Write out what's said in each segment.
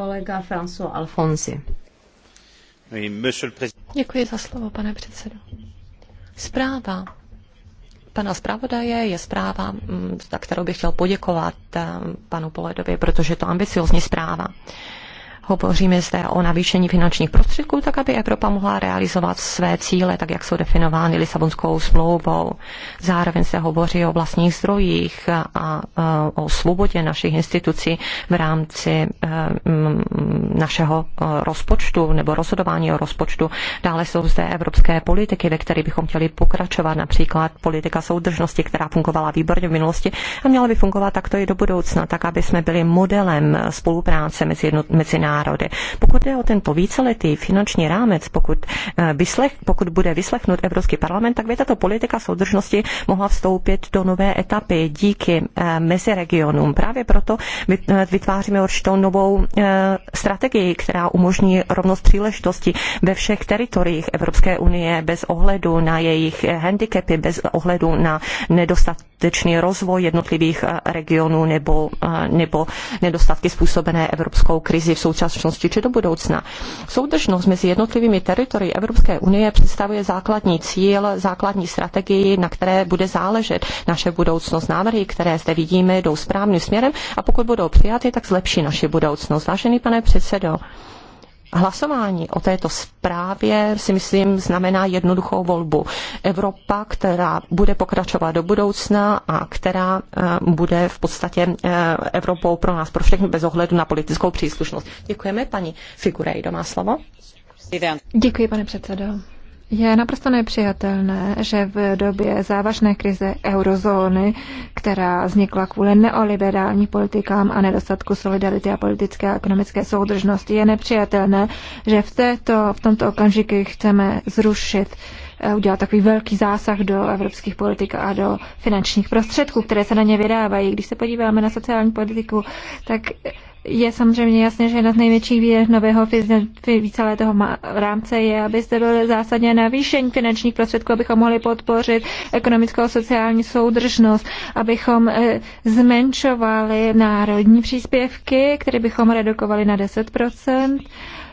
kolega François Alfonsi. Děkuji za slovo, pane předsedo. Zpráva pana zpravodaje je zpráva, mm, za kterou bych chtěl poděkovat eh, panu Poledovi, protože je to ambiciozní zpráva. Hovoříme zde o navýšení finančních prostředků, tak aby Evropa mohla realizovat své cíle, tak jak jsou definovány Lisabonskou smlouvou. Zároveň se hovoří o vlastních zdrojích a, a e, o svobodě našich institucí v rámci e, našeho e, rozpočtu nebo rozhodování o rozpočtu. Dále jsou zde evropské politiky, ve kterých bychom chtěli pokračovat, například politika soudržnosti, která fungovala výborně v minulosti a měla by fungovat takto i do budoucna, tak aby jsme byli modelem spolupráce mezi, jedno, mezi námi národy. Pokud jde o tento víceletý finanční rámec, pokud, eh, vyslech, pokud bude vyslechnut Evropský parlament, tak by tato politika soudržnosti mohla vstoupit do nové etapy díky eh, meziregionům. Právě proto eh, vytváříme určitou novou strategii, která umožní rovnost příležitosti ve všech teritoriích Evropské unie bez ohledu na jejich handicapy, bez ohledu na nedostatky skutečný rozvoj jednotlivých eh, regionů nebo, eh, nebo nedostatky způsobené evropskou krizi v současnosti či do budoucna. Soudržnost mezi jednotlivými teritorii Evropské unie představuje základní cíl, základní strategii, na které bude záležet naše budoucnost. Návrhy, které zde vidíme, jdou správným směrem a pokud budou přijaty, tak zlepší naši budoucnost. Vážený pane předsedo, Hlasování o této zprávě si myslím znamená jednoduchou volbu. Evropa, která bude pokračovat do budoucna a která eh, bude v podstatě eh, Evropou pro nás, pro všechny, bez ohledu na politickou příslušnost. Děkujeme, paní Figurejdo má slovo. Děkuji, pane předsedo. Je naprosto nepřijatelné, že v době závažné krize eurozóny, která vznikla kvůli neoliberálním politikám a nedostatku solidarity a politické a ekonomické soudržnosti, je nepřijatelné, že v, této, v tomto okamžiku chceme zrušit eh, udělat takový velký zásah do evropských politik a do finančních prostředků, které se na ně vydávají. Když se podíváme na sociální politiku, tak je samozřejmě jasné, že jedna z největších výher nového víceletého rámce je, aby zde bylo zásadně navýšení finančních prostředků, abychom mohli podpořit ekonomickou a sociální soudržnost, abychom eh, zmenšovali národní příspěvky, které bychom redukovali na 10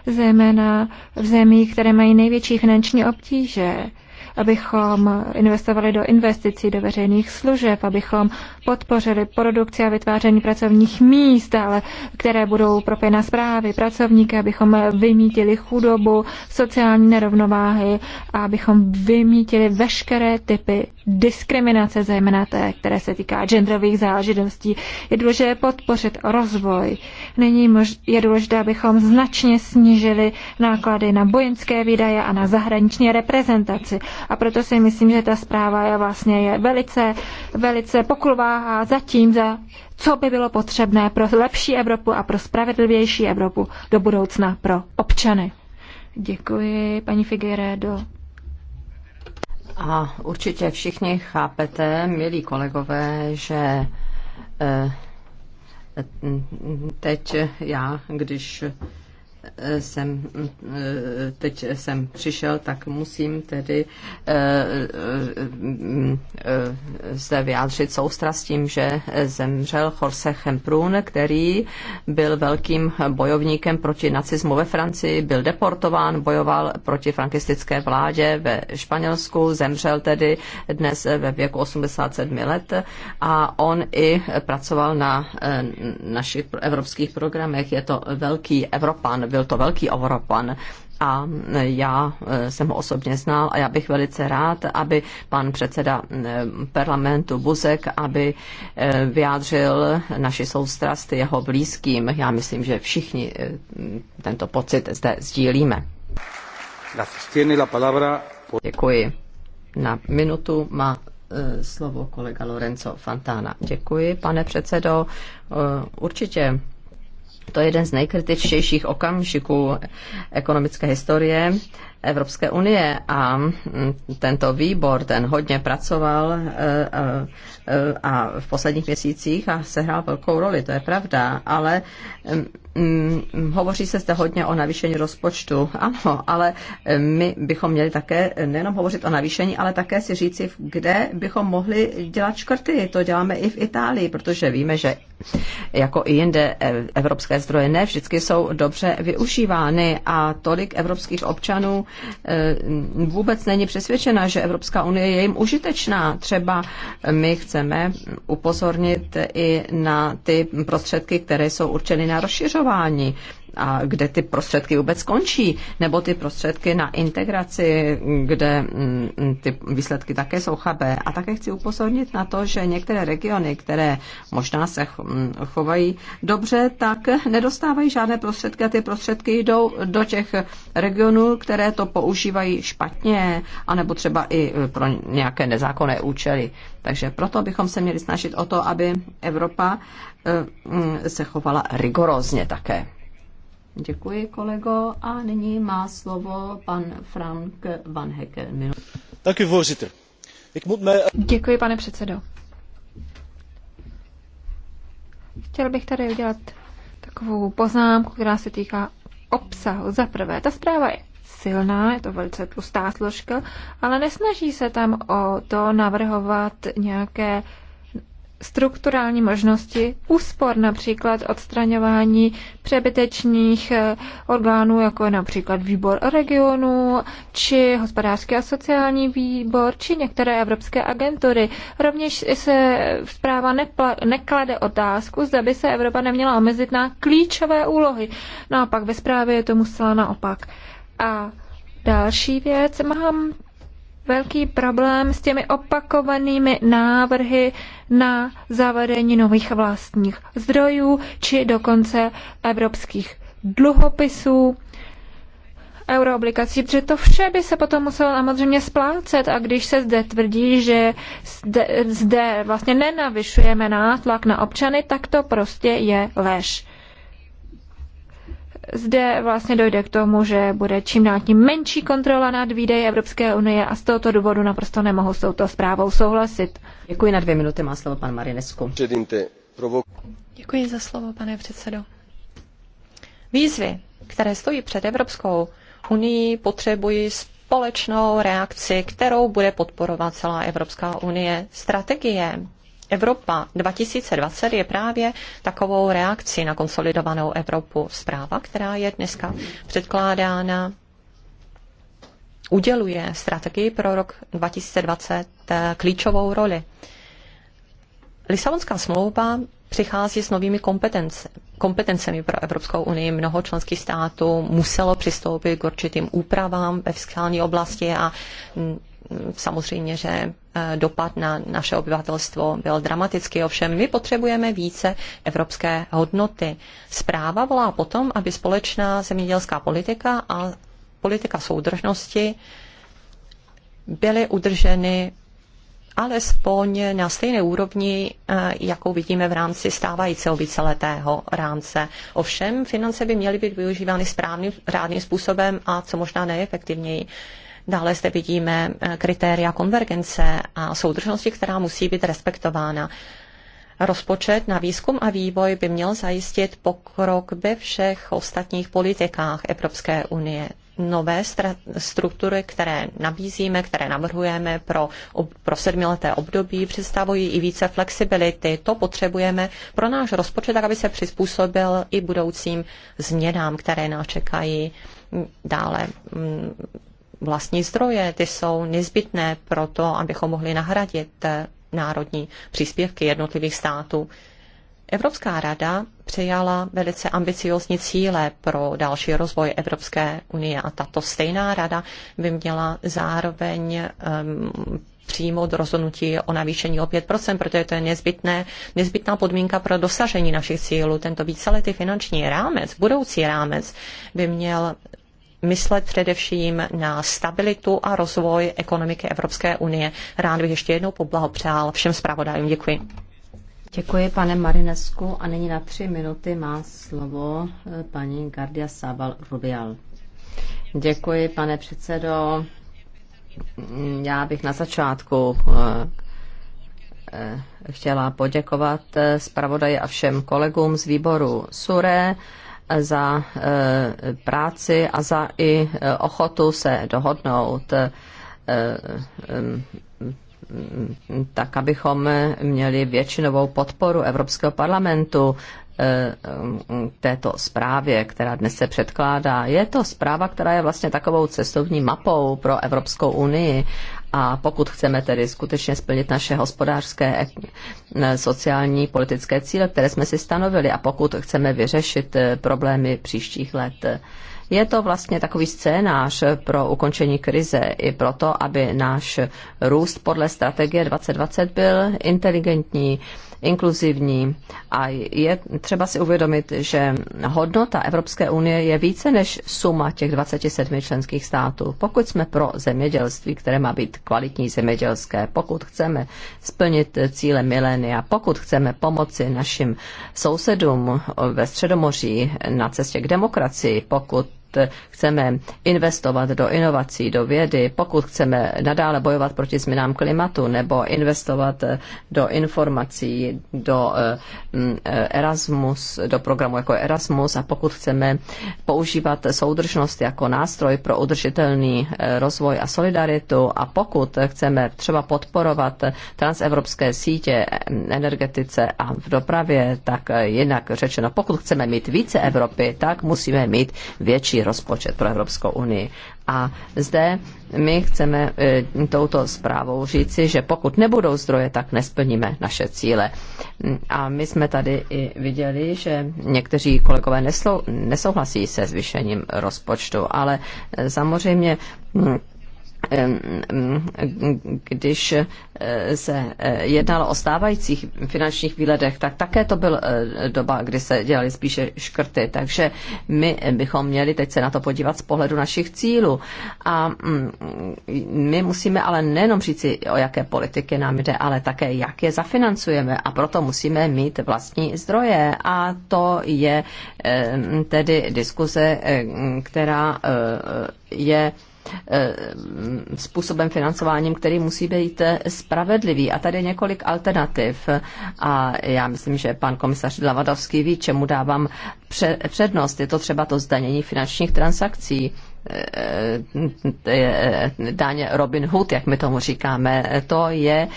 zejména v zemích, které mají největší finanční obtíže abychom investovali do investicí, do veřejných služeb, abychom podpořili produkci a vytváření pracovních míst, ale které budou propěna zprávy pracovníky, abychom vymítili chudobu, sociální nerovnováhy a abychom vymítili veškeré typy diskriminace, zejména té, které se týká genderových záležitostí. Je důležité podpořit rozvoj. Není mož- je důležité, abychom značně snížili náklady na vojenské výdaje a na zahraniční reprezentaci a proto si myslím, že ta zpráva je vlastně je velice, velice pokulváhá zatím, za co by bylo potřebné pro lepší Evropu a pro spravedlivější Evropu do budoucna pro občany. Děkuji, paní Figueredo. A určitě všichni chápete, milí kolegové, že eh, teď já, když jsem, teď jsem přišel, tak musím tedy eh, eh, se vyjádřit soustra s tím, že zemřel Jorge Chemprun, který byl velkým bojovníkem proti nacismu ve Francii, byl deportován, bojoval proti frankistické vládě ve Španělsku, zemřel tedy dnes ve věku 87 let a on i pracoval na eh, našich evropských programech. Je to velký Evropan, byl to velký Evropan a já eh, jsem ho osobně znal a já bych velice rád, aby pan předseda eh, parlamentu Buzek, aby eh, vyjádřil naši soustrast jeho blízkým. Já myslím, že všichni tento pocit zde sdílíme. Děkuji. Na minutu má slovo kolega Lorenzo Fantana. Děkuji, pane předsedo. Určitě to je jeden z nejkritičtějších okamžiků ekonomické historie Evropské unie a tento výbor, ten hodně pracoval eh, eh, a v posledních měsících a sehrál velkou roli, to je pravda, ale mm, hovoří se zde hodně o navýšení rozpočtu. Ano, ale eh, my bychom měli také nejenom hovořit o navýšení, ale také si říci, kde bychom mohli dělat škrty. To děláme i v Itálii, protože víme, že jako i jinde evropské zdroje ne vždycky jsou dobře využívány a tolik evropských občanů Eh, vůbec není přesvědčena, že Evropská unie je jim užitečná. Třeba my chceme upozornit i na ty prostředky, které jsou určeny na rozšiřování a kde ty prostředky vůbec skončí, nebo ty prostředky na integraci, kde mm, ty výsledky také jsou chabé. A také chci upozornit na to, že některé regiony, které možná se mm, chovají dobře, tak nedostávají žádné prostředky a ty prostředky jdou do těch regionů, které to používají špatně, anebo třeba i e, pro nějaké nezákonné účely. Takže proto bychom se měli snažit o to, aby Evropa e, mm, se chovala rigorózně také. Děkuji, kolego. A nyní má slovo pan Frank Van Hecker. Děkuji, pane předsedo. Chtěl bych tady udělat takovou poznámku, která se týká obsahu. Za prvé, ta zpráva je silná, je to velice tlustá složka, ale nesnaží se tam o to navrhovat nějaké strukturální možnosti úspor, například odstraňování přebytečných eh, orgánů, jako je například výbor regionu, či hospodářský a sociální výbor, či některé evropské agentury. Rovněž se zpráva neklade otázku, zda by se Evropa neměla omezit na klíčové úlohy. No a pak ve zprávě je tomu zcela naopak. A další věc, mám velký problém s těmi opakovanými návrhy na zavedení nových vlastních zdrojů či dokonce evropských dluhopisů, euroobligací, protože to vše by se potom muselo samozřejmě splácet a když se zde tvrdí, že zde, zde vlastně nenavyšujeme nátlak na občany, tak to prostě je lež zde vlastně dojde k tomu, že bude čím dál tím menší kontrola nad výdeje Evropské unie a z tohoto důvodu naprosto nemohu s touto zprávou souhlasit. Děkuji na dvě minuty, má slovo pan Marinesku. Děkuji za slovo, pane předsedo. Výzvy, které stojí před Evropskou unii, potřebují společnou reakci, kterou bude podporovat celá Evropská unie. Strategie Evropa 2020 je právě takovou reakcí na konsolidovanou Evropu. Zpráva, která je dneska předkládána, uděluje strategii pro rok 2020 eh, klíčovou roli. Lisabonská smlouva přichází s novými kompetence, kompetencemi pro Evropskou unii. Mnoho členských států muselo přistoupit k určitým úpravám ve fiskální oblasti a mm, samozřejmě, že eh, dopad na naše obyvatelstvo byl dramatický. Ovšem my potřebujeme více evropské hodnoty. Zpráva volá potom, aby společná zemědělská politika a politika soudržnosti byly udrženy alespoň na stejné úrovni, eh, jakou vidíme v rámci stávajícího víceletého rámce. Ovšem finance by měly být využívány správným, rádným způsobem a co možná nejefektivněji. Dále zde vidíme eh, kritéria konvergence a soudržnosti, která musí být respektována. Rozpočet na výzkum a vývoj by měl zajistit pokrok ve všech ostatních politikách Evropské unie. Nové struktury, které nabízíme, které navrhujeme pro, pro sedmileté období, představují i více flexibility. To potřebujeme pro náš rozpočet, tak aby se přizpůsobil i budoucím změnám, které nás čekají dále mm, vlastní zdroje, ty jsou nezbytné pro to, abychom mohli nahradit eh, národní příspěvky jednotlivých států. Evropská rada přijala velice ambiciozní cíle pro další rozvoj Evropské unie a tato stejná rada by měla zároveň um, přijmout rozhodnutí o navýšení o 5%, protože to je nezbytné, nezbytná podmínka pro dosažení našich cílů. Tento víceletý finanční rámec, budoucí rámec, by měl myslet především na stabilitu a rozvoj ekonomiky Evropské unie. Rád bych ještě jednou poblahopřál všem zpravodajům. Děkuji. Děkuji, pane Marinesku. A nyní na tři minuty má slovo eh, paní Gardia Sabal Rubial. Děkuji, pane předsedo. Já bych na začátku eh, eh, chtěla poděkovat zpravodaji a všem kolegům z výboru SURE za e, práci a za i e, ochotu se dohodnout e, tak, abychom měli většinovou podporu Evropského parlamentu této zprávě, která dnes se předkládá. Je to zpráva, která je vlastně takovou cestovní mapou pro Evropskou unii a pokud chceme tedy skutečně splnit naše hospodářské, eh, sociální, politické cíle, které jsme si stanovili, a pokud chceme vyřešit eh, problémy příštích let, je to vlastně takový scénář pro ukončení krize i proto, aby náš růst podle strategie 2020 byl inteligentní, inkluzivní. A je třeba si uvědomit, že hodnota Evropské unie je více než suma těch 27 členských států. Pokud jsme pro zemědělství, které má být kvalitní zemědělské, pokud chceme splnit cíle milénia, pokud chceme pomoci našim sousedům ve Středomoří na cestě k demokracii, pokud chceme investovat do inovací, do vědy, pokud chceme nadále bojovat proti změnám klimatu nebo investovat eh, do informací, do eh, mm, eh, Erasmus, do programu jako Erasmus a pokud chceme používat soudržnost jako nástroj pro udržitelný rozvoj a solidaritu a pokud chceme třeba podporovat transevropské sítě energetice a v dopravě, tak jinak řečeno, pokud chceme mít více Evropy, tak musíme mít větší rozpočet pro Evropskou unii. A zde my chceme e, touto zprávou říci, že pokud nebudou zdroje, tak nesplníme naše cíle. A my jsme tady i viděli, že někteří kolegové neslou, nesouhlasí se zvýšením rozpočtu, ale e, samozřejmě hm, když eh, se eh, jednalo o stávajících finančních výledech, tak také to byl eh, doba, kdy se dělaly spíše škrty. Takže my bychom měli teď se na to podívat z pohledu našich cílů. A mm, my musíme ale nejenom říci, o jaké politiky nám jde, ale také, jak je zafinancujeme. A proto musíme mít vlastní zdroje. A to je tedy diskuze, která je Eh, způsobem financováním, který musí být eh, spravedlivý. A tady je několik alternativ. A já myslím, že pan komisař Lavadovský ví, čemu dávám přednost. Je to třeba to zdanění finančních transakcí eh, daň Robin Hood, jak my tomu říkáme, to je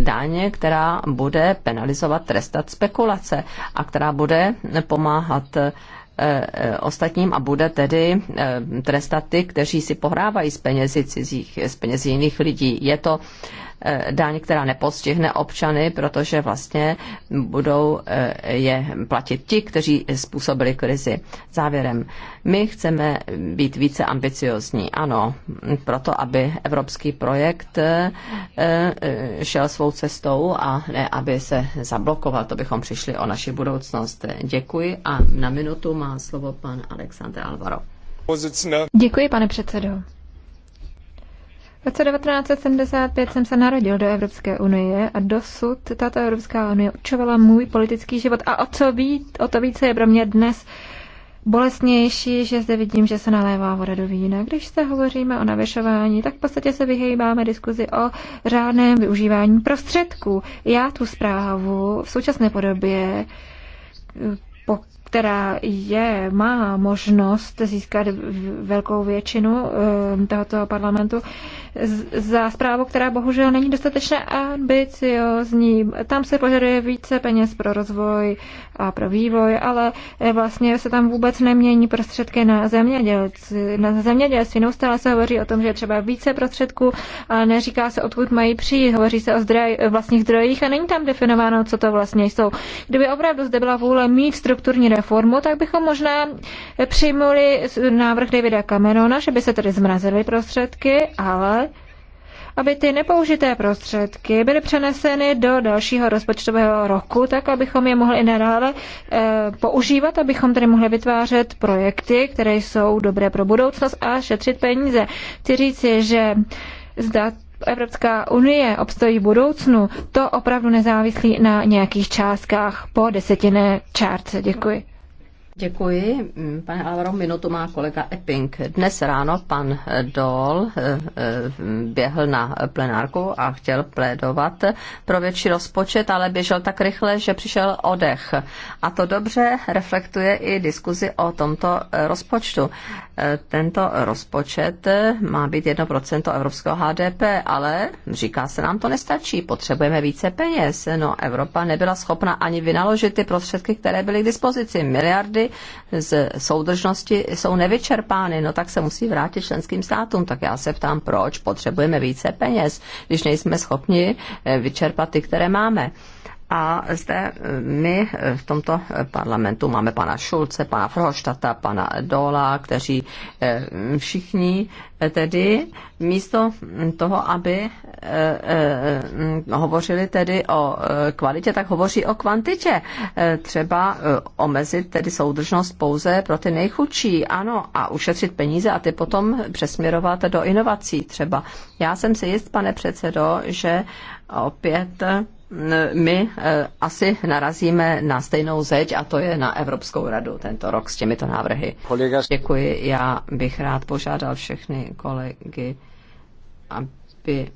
daň, která bude penalizovat, trestat spekulace a která bude pomáhat Eh, eh, ostatním a bude tedy eh, trestat ty, kteří si pohrávají s penězi cizích, s penězi jiných lidí. Je to Eh, daň, která nepostihne občany, protože vlastně budou eh, je platit ti, kteří způsobili krizi. Závěrem, my chceme být více ambiciozní, ano, proto, aby evropský projekt eh, šel svou cestou a ne, aby se zablokoval, to bychom přišli o naši budoucnost. Děkuji a na minutu má slovo pan Alexandr Alvaro. Děkuji, pane předsedo. V roce 1975 jsem se narodil do Evropské unie a dosud tato Evropská unie učovala můj politický život. A o, co ví, o to více je pro mě dnes bolestnější, že zde vidím, že se nalévá voda do vína. Když se hovoříme o navyšování, tak v podstatě se vyhýbáme diskuzi o řádném využívání prostředků. Já tu zprávu v současné podobě po která je, má možnost získat velkou většinu eh, tohoto parlamentu za zprávu, která bohužel není dostatečně ambiciozní. Tam se požaduje více peněz pro rozvoj a pro vývoj, ale eh, vlastně se tam vůbec nemění prostředky na zemědělci. Na zemědělství neustále se hovoří o tom, že je třeba více prostředků, ale neříká se, odkud mají přijít. Hovoří se o zdroj, eh, vlastních zdrojích a není tam definováno, co to vlastně jsou. Kdyby opravdu zde byla vůle mít strukturní reformu, reformu, tak bychom možná přijmuli návrh Davida Camerona, že by se tedy zmrazily prostředky, ale aby ty nepoužité prostředky byly přeneseny do dalšího rozpočtového roku, tak abychom je mohli i nadále e, používat, abychom tedy mohli vytvářet projekty, které jsou dobré pro budoucnost a šetřit peníze. Chci říci, že zda Evropská unie obstojí v budoucnu, to opravdu nezávislí na nějakých částkách po desetinné čárce. Děkuji. Děkuji. Pane Alvaro, minutu má kolega Epping. Dnes ráno pan Dol eh, eh, běhl na plenárku a chtěl plédovat pro větší rozpočet, ale běžel tak rychle, že přišel odech. A to dobře reflektuje i diskuzi o tomto eh, rozpočtu tento rozpočet má být 1% evropského HDP, ale říká se nám to nestačí, potřebujeme více peněz. No, Evropa nebyla schopna ani vynaložit ty prostředky, které byly k dispozici. Miliardy z soudržnosti jsou nevyčerpány, no tak se musí vrátit členským státům. Tak já se ptám, proč potřebujeme více peněz, když nejsme schopni vyčerpat ty, které máme. A zde e, my e, v tomto parlamentu máme pana Šulce, pana Frohoštata, pana Dola, kteří e, všichni tedy místo toho, aby hovořili tedy o kvalitě, tak hovoří o kvantitě. Třeba omezit tedy soudržnost pouze pro ty nejchudší, ano, a ušetřit peníze a ty potom přesměrovat do inovací třeba. Já jsem si jist, pane předsedo, že opět my eh, asi narazíme na stejnou zeď a to je na Evropskou radu tento rok s těmito návrhy. Kolega... Děkuji, já bych rád požádal všechny kolegy, aby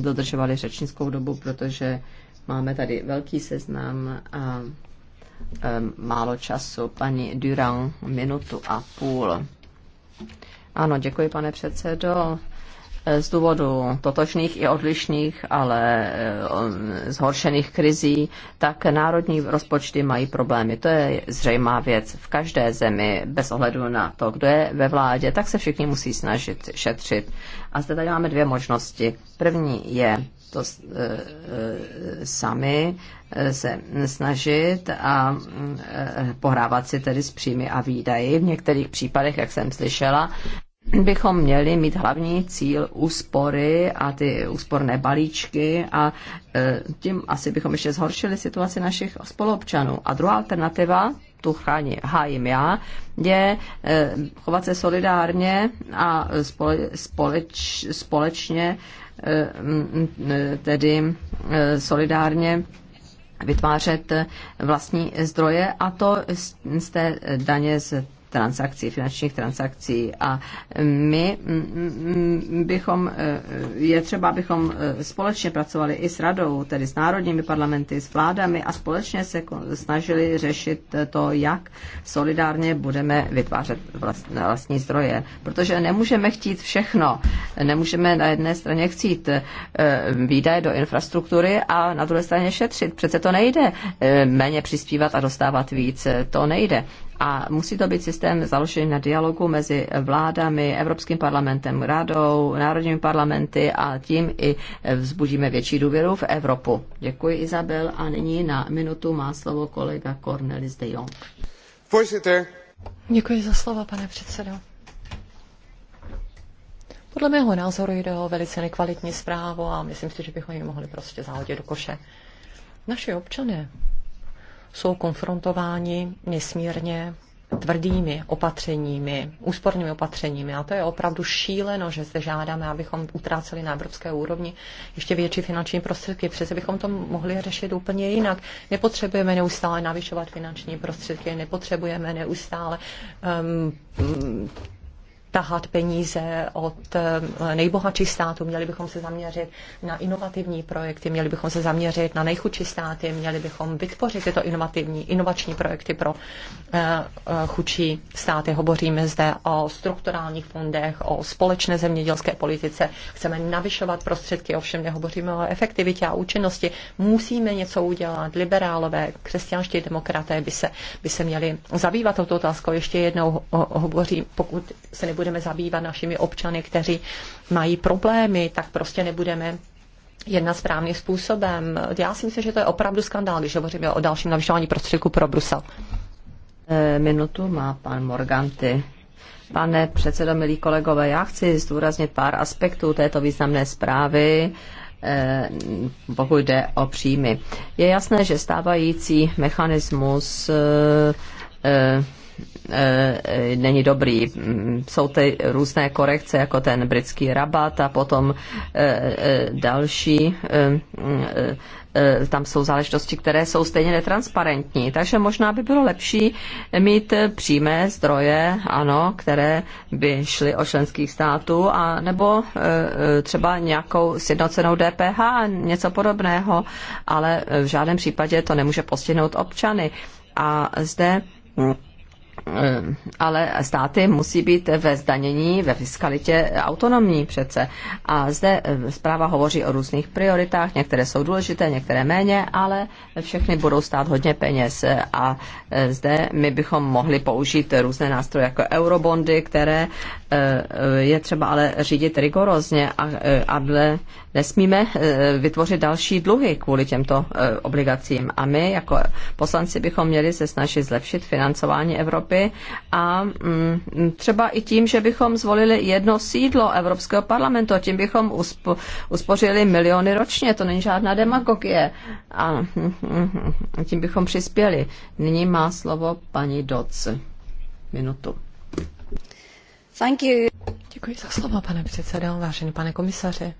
dodržovali řečnickou dobu, protože máme tady velký seznam a eh, málo času. Paní Durand, minutu a půl. Ano, děkuji, pane předsedo. Eh, z důvodu totožných i odlišných, ale eh, zhoršených krizí, tak národní rozpočty mají problémy. To je zřejmá věc. V každé zemi, bez ohledu na to, kdo je ve vládě, tak se všichni musí snažit šetřit. A zde tady máme dvě možnosti. První je to eh, sami se snažit a pohrávat si tedy s příjmy a výdaji. V některých případech, jak jsem slyšela, bychom měli mít hlavní cíl úspory a ty úsporné balíčky a e, tím asi bychom ještě zhoršili situaci našich spoluobčanů. A druhá alternativa, tu chrání, hájím já, je e, chovat se solidárně a společ, společně e, tedy solidárně vytvářet vlastní zdroje a to z té daně z transakcí, finančních transakcí a my bychom, e, je třeba, abychom e, společně pracovali i s radou, tedy s národními parlamenty, s vládami a společně se snažili řešit to, jak solidárně budeme vytvářet vlastní zdroje, protože nemůžeme chtít všechno. Nemůžeme na jedné straně chtít e, výdaje do infrastruktury a na druhé straně šetřit. Přece to nejde méně přispívat a dostávat víc, to nejde. A musí to být systém založený na dialogu mezi vládami, Evropským parlamentem, radou, národními parlamenty a tím i vzbudíme větší důvěru v Evropu. Děkuji Izabel a nyní na minutu má slovo kolega Cornelis de Jong. Děkuji za slovo, pane předsedo. Podle mého názoru jde o velice nekvalitní zprávu a myslím si, že bychom ji mohli prostě zahodit do koše. Naši občané jsou konfrontováni nesmírně tvrdými opatřeními, úspornými opatřeními. A to je opravdu šíleno, že zde žádáme, abychom utráceli na evropské úrovni ještě větší finanční prostředky. Přece bychom to mohli řešit úplně jinak. Nepotřebujeme neustále navyšovat finanční prostředky, nepotřebujeme neustále um, tahat peníze od eh, nejbohatších států, měli bychom se zaměřit na inovativní projekty, měli bychom se zaměřit na nejchudší státy, měli bychom vytvořit tyto inovativní, inovační projekty pro eh, eh, chudší státy. Hovoříme zde o strukturálních fondech, o společné zemědělské politice. Chceme navyšovat prostředky, ovšem nehovoříme o efektivitě a účinnosti. Musíme něco udělat. Liberálové, křesťanští demokraté by se, by se měli zabývat touto otázkou. Ještě jednou hovořím, pokud se nebo nebudeme zabývat našimi občany, kteří mají problémy, tak prostě nebudeme jedna správným způsobem. Já si myslím, že to je opravdu skandál, když hovoříme o dalším navyšování prostředků pro Brusel. Eh, minutu má pan Morganti. Pane předsedo, milí kolegové, já chci zdůraznit pár aspektů této významné zprávy eh, pokud jde o příjmy. Je jasné, že stávající mechanismus eh, Eh, není dobrý. Mm, jsou ty různé korekce, jako ten britský rabat a potom eh, eh, další. Tam jsou záležitosti, které jsou stejně netransparentní. Takže možná by bylo lepší mít přímé zdroje, ano, které by šly o členských států, a nebo třeba nějakou sjednocenou DPH, něco podobného, ale v žádném případě to nemůže postihnout občany. A zde hm, Eh, ale státy musí být ve zdanění, ve fiskalitě autonomní přece. A zde eh, zpráva hovoří o různých prioritách, některé jsou důležité, některé méně, ale všechny budou stát hodně peněz. A eh, zde my bychom mohli použít různé nástroje jako eurobondy, které je třeba ale řídit rigorózně a, dle nesmíme vytvořit další dluhy kvůli těmto obligacím. A my jako poslanci bychom měli se snažit zlepšit financování Evropy zprávy a mm, třeba i tím, že bychom zvolili jedno sídlo Evropského parlamentu a tím bychom uspo, uspořili miliony ročně, to není žádná demagogie a mm, tím bychom přispěli. Nyní má slovo paní Doc. Minutu. Thank you. Děkuji za slovo, pane předsedo, vážený pane komisaři.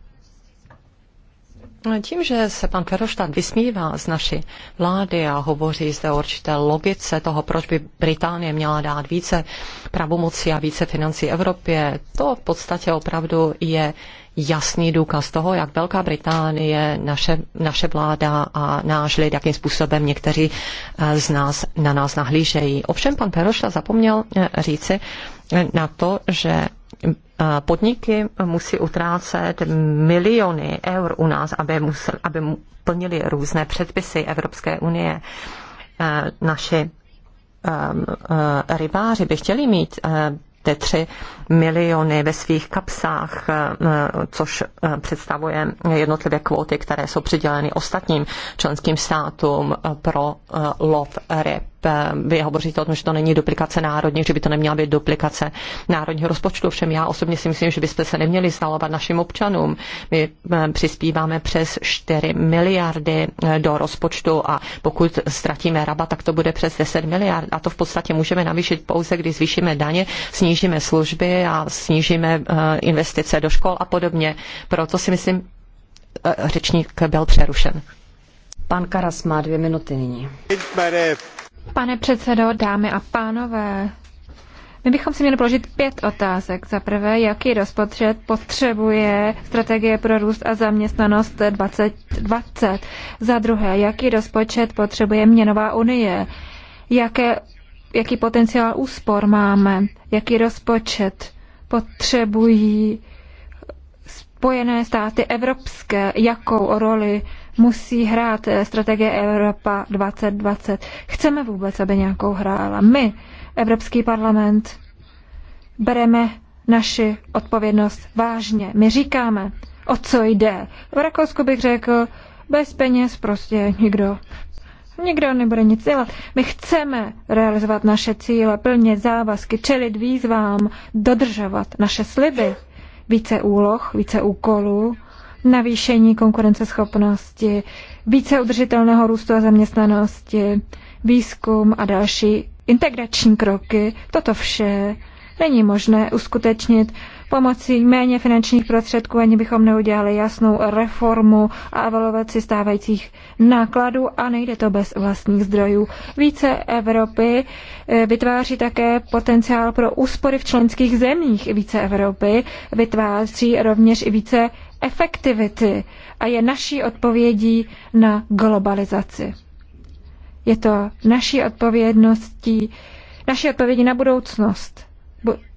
Tím, že se pan Feroštát vysmívá z naší vlády a hovoří zde o určité logice toho, proč by Británie měla dát více pravomocí a více financí Evropě, to v podstatě opravdu je jasný důkaz toho, jak Velká Británie, naše, naše vláda a náš lid, jakým způsobem někteří eh, z nás na nás nahlížejí. Ovšem pan Perošta zapomněl eh, říci eh, na to, že podniky musí utrácet miliony eur u nás, aby, musel, aby plnili různé předpisy Evropské unie. E, naši e, e, rybáři by chtěli mít ty tři miliony ve svých kapsách, což představuje jednotlivé kvóty, které jsou přiděleny ostatním členským státům pro lov ryb. Eh, vy hovoříte o tom, že to není duplikace národních, že by to neměla být duplikace národního rozpočtu. Všem já osobně si myslím, že byste se neměli znalovat našim občanům. My eh, přispíváme přes 4 miliardy eh, do rozpočtu a pokud ztratíme rabat, tak to bude přes 10 miliard. A to v podstatě můžeme navýšit pouze, když zvýšíme daně, snížíme služby a snížíme investice do škol a podobně. Proto si myslím, řečník byl přerušen. Pan Karas má dvě minuty nyní. Pane předsedo, dámy a pánové, my bychom si měli položit pět otázek. Za prvé, jaký rozpočet potřebuje strategie pro růst a zaměstnanost 2020? Za druhé, jaký rozpočet potřebuje měnová unie? Jaké, jaký potenciál úspor máme? Jaký rozpočet potřebují Spojené státy evropské? Jakou roli musí hrát eh, strategie Evropa 2020. Chceme vůbec, aby nějakou hrála. My, Evropský parlament, bereme naši odpovědnost vážně. My říkáme, o co jde. V Rakousku bych řekl, bez peněz prostě nikdo nikdo nebude nic dělat. My chceme realizovat naše cíle, plně závazky, čelit výzvám, dodržovat naše sliby. Více úloh, více úkolů, navýšení konkurenceschopnosti, více udržitelného růstu a zaměstnanosti, výzkum a další integrační kroky. Toto vše není možné uskutečnit pomocí méně finančních prostředků, ani bychom neudělali jasnou reformu a evaluaci stávajících nákladů a nejde to bez vlastních zdrojů. Více Evropy eh, vytváří také potenciál pro úspory v členských zemích. Více Evropy vytváří rovněž i více efektivity a je naší odpovědí na globalizaci. Je to naší odpovědností, naší odpovědí na budoucnost.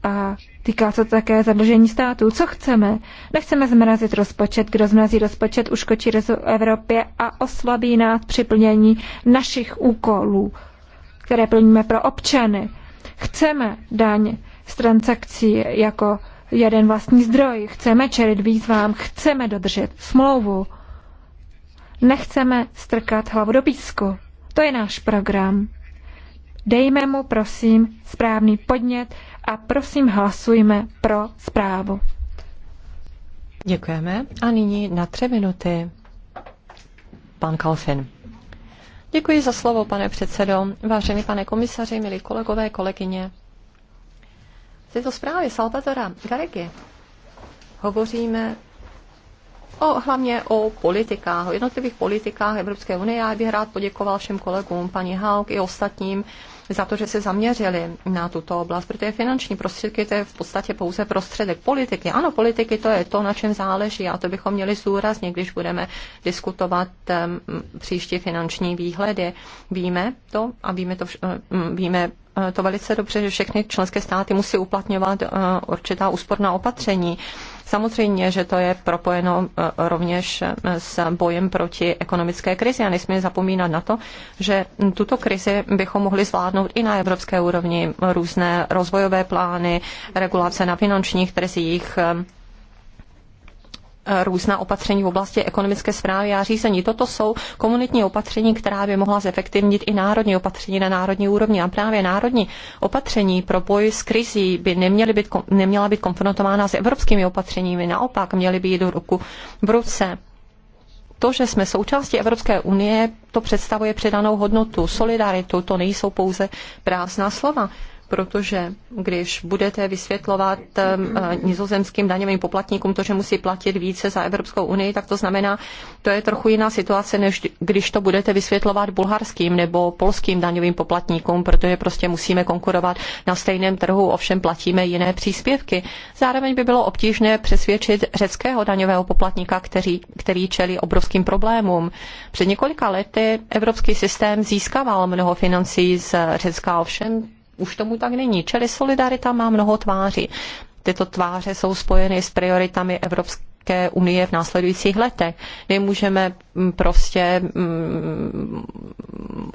A týká se to také zadlužení států. Co chceme? Nechceme zmrazit rozpočet. Kdo zmrazí rozpočet, uškočí Evropě a oslabí nás při plnění našich úkolů, které plníme pro občany. Chceme daň z transakcí jako jeden vlastní zdroj, chceme čelit výzvám, chceme dodržet smlouvu, nechceme strkat hlavu do písku. To je náš program. Dejme mu, prosím, správný podnět a prosím hlasujme pro zprávu. Děkujeme. A nyní na tři minuty pan Kalfin. Děkuji za slovo, pane předsedo. Vážený pane komisaři, milí kolegové, kolegyně. V této zprávě Salvatora Garegie hovoříme o, hlavně o politikách, o jednotlivých politikách Evropské unie. Já bych rád poděkoval všem kolegům, paní Hauk i ostatním, za to, že se zaměřili na tuto oblast, protože finanční prostředky to je v podstatě pouze prostředek politiky. Ano, politiky to je to, na čem záleží a to bychom měli zúraznit, když budeme diskutovat um, příští finanční výhledy. Víme to a víme, to vš- um, víme Eh, to velice dobře, že všechny členské státy musí uplatňovat eh, určitá úsporná opatření. Samozřejmě, že to je propojeno eh, rovněž s bojem proti ekonomické krizi a nesmíme zapomínat na to, že tuto krizi bychom mohli zvládnout i na evropské úrovni. Různé rozvojové plány, regulace na finančních trzích, Eh, různá opatření v oblasti ekonomické zprávy a řízení. Toto jsou komunitní opatření, která by mohla zefektivnit i národní opatření na národní úrovni. A právě národní opatření pro boj s krizí by neměly být, neměla být konfrontována s evropskými opatřeními. Naopak, měly by jít do ruku v ruce. To, že jsme součástí Evropské unie, to představuje předanou hodnotu, solidaritu, to nejsou pouze prázdná slova protože když budete vysvětlovat um, uh, nizozemským daňovým poplatníkům to, že musí platit více za Evropskou unii, tak to znamená, to je trochu jiná situace, než když to budete vysvětlovat bulharským nebo polským daňovým poplatníkům, protože prostě musíme konkurovat na stejném trhu, ovšem platíme jiné příspěvky. Zároveň by bylo obtížné přesvědčit řeckého daňového poplatníka, který, který čelí obrovským problémům. Před několika lety evropský systém získával mnoho financí z Řecka, ovšem už tomu tak není. Čili solidarita má mnoho tváří. Tyto tváře jsou spojeny s prioritami Evropské unie v následujících letech. Nemůžeme prostě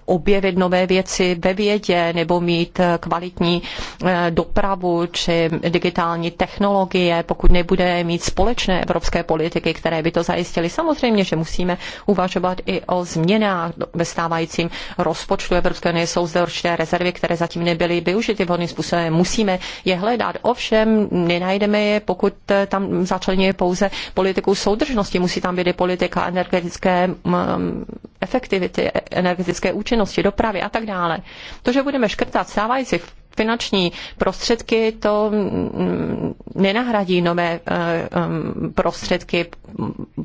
objevit nové věci ve vědě nebo mít eh, kvalitní eh, dopravu či digitální technologie, pokud nebude mít společné evropské politiky, které by to zajistily. Samozřejmě, že musíme uvažovat i o změnách ve stávajícím rozpočtu Evropské unie. Jsou zde určité rezervy, které zatím nebyly využity vhodným způsobem. Musíme je hledat. Ovšem, nenajdeme je, pokud eh, tam začlenuje pouze politiku soudržnosti. Musí tam být i politika energetické energetické mm, efektivity, energetické účinnosti, dopravy a tak dále. To, že budeme škrtat stávající finanční prostředky, to mm, nenahradí nové eh, mm, prostředky,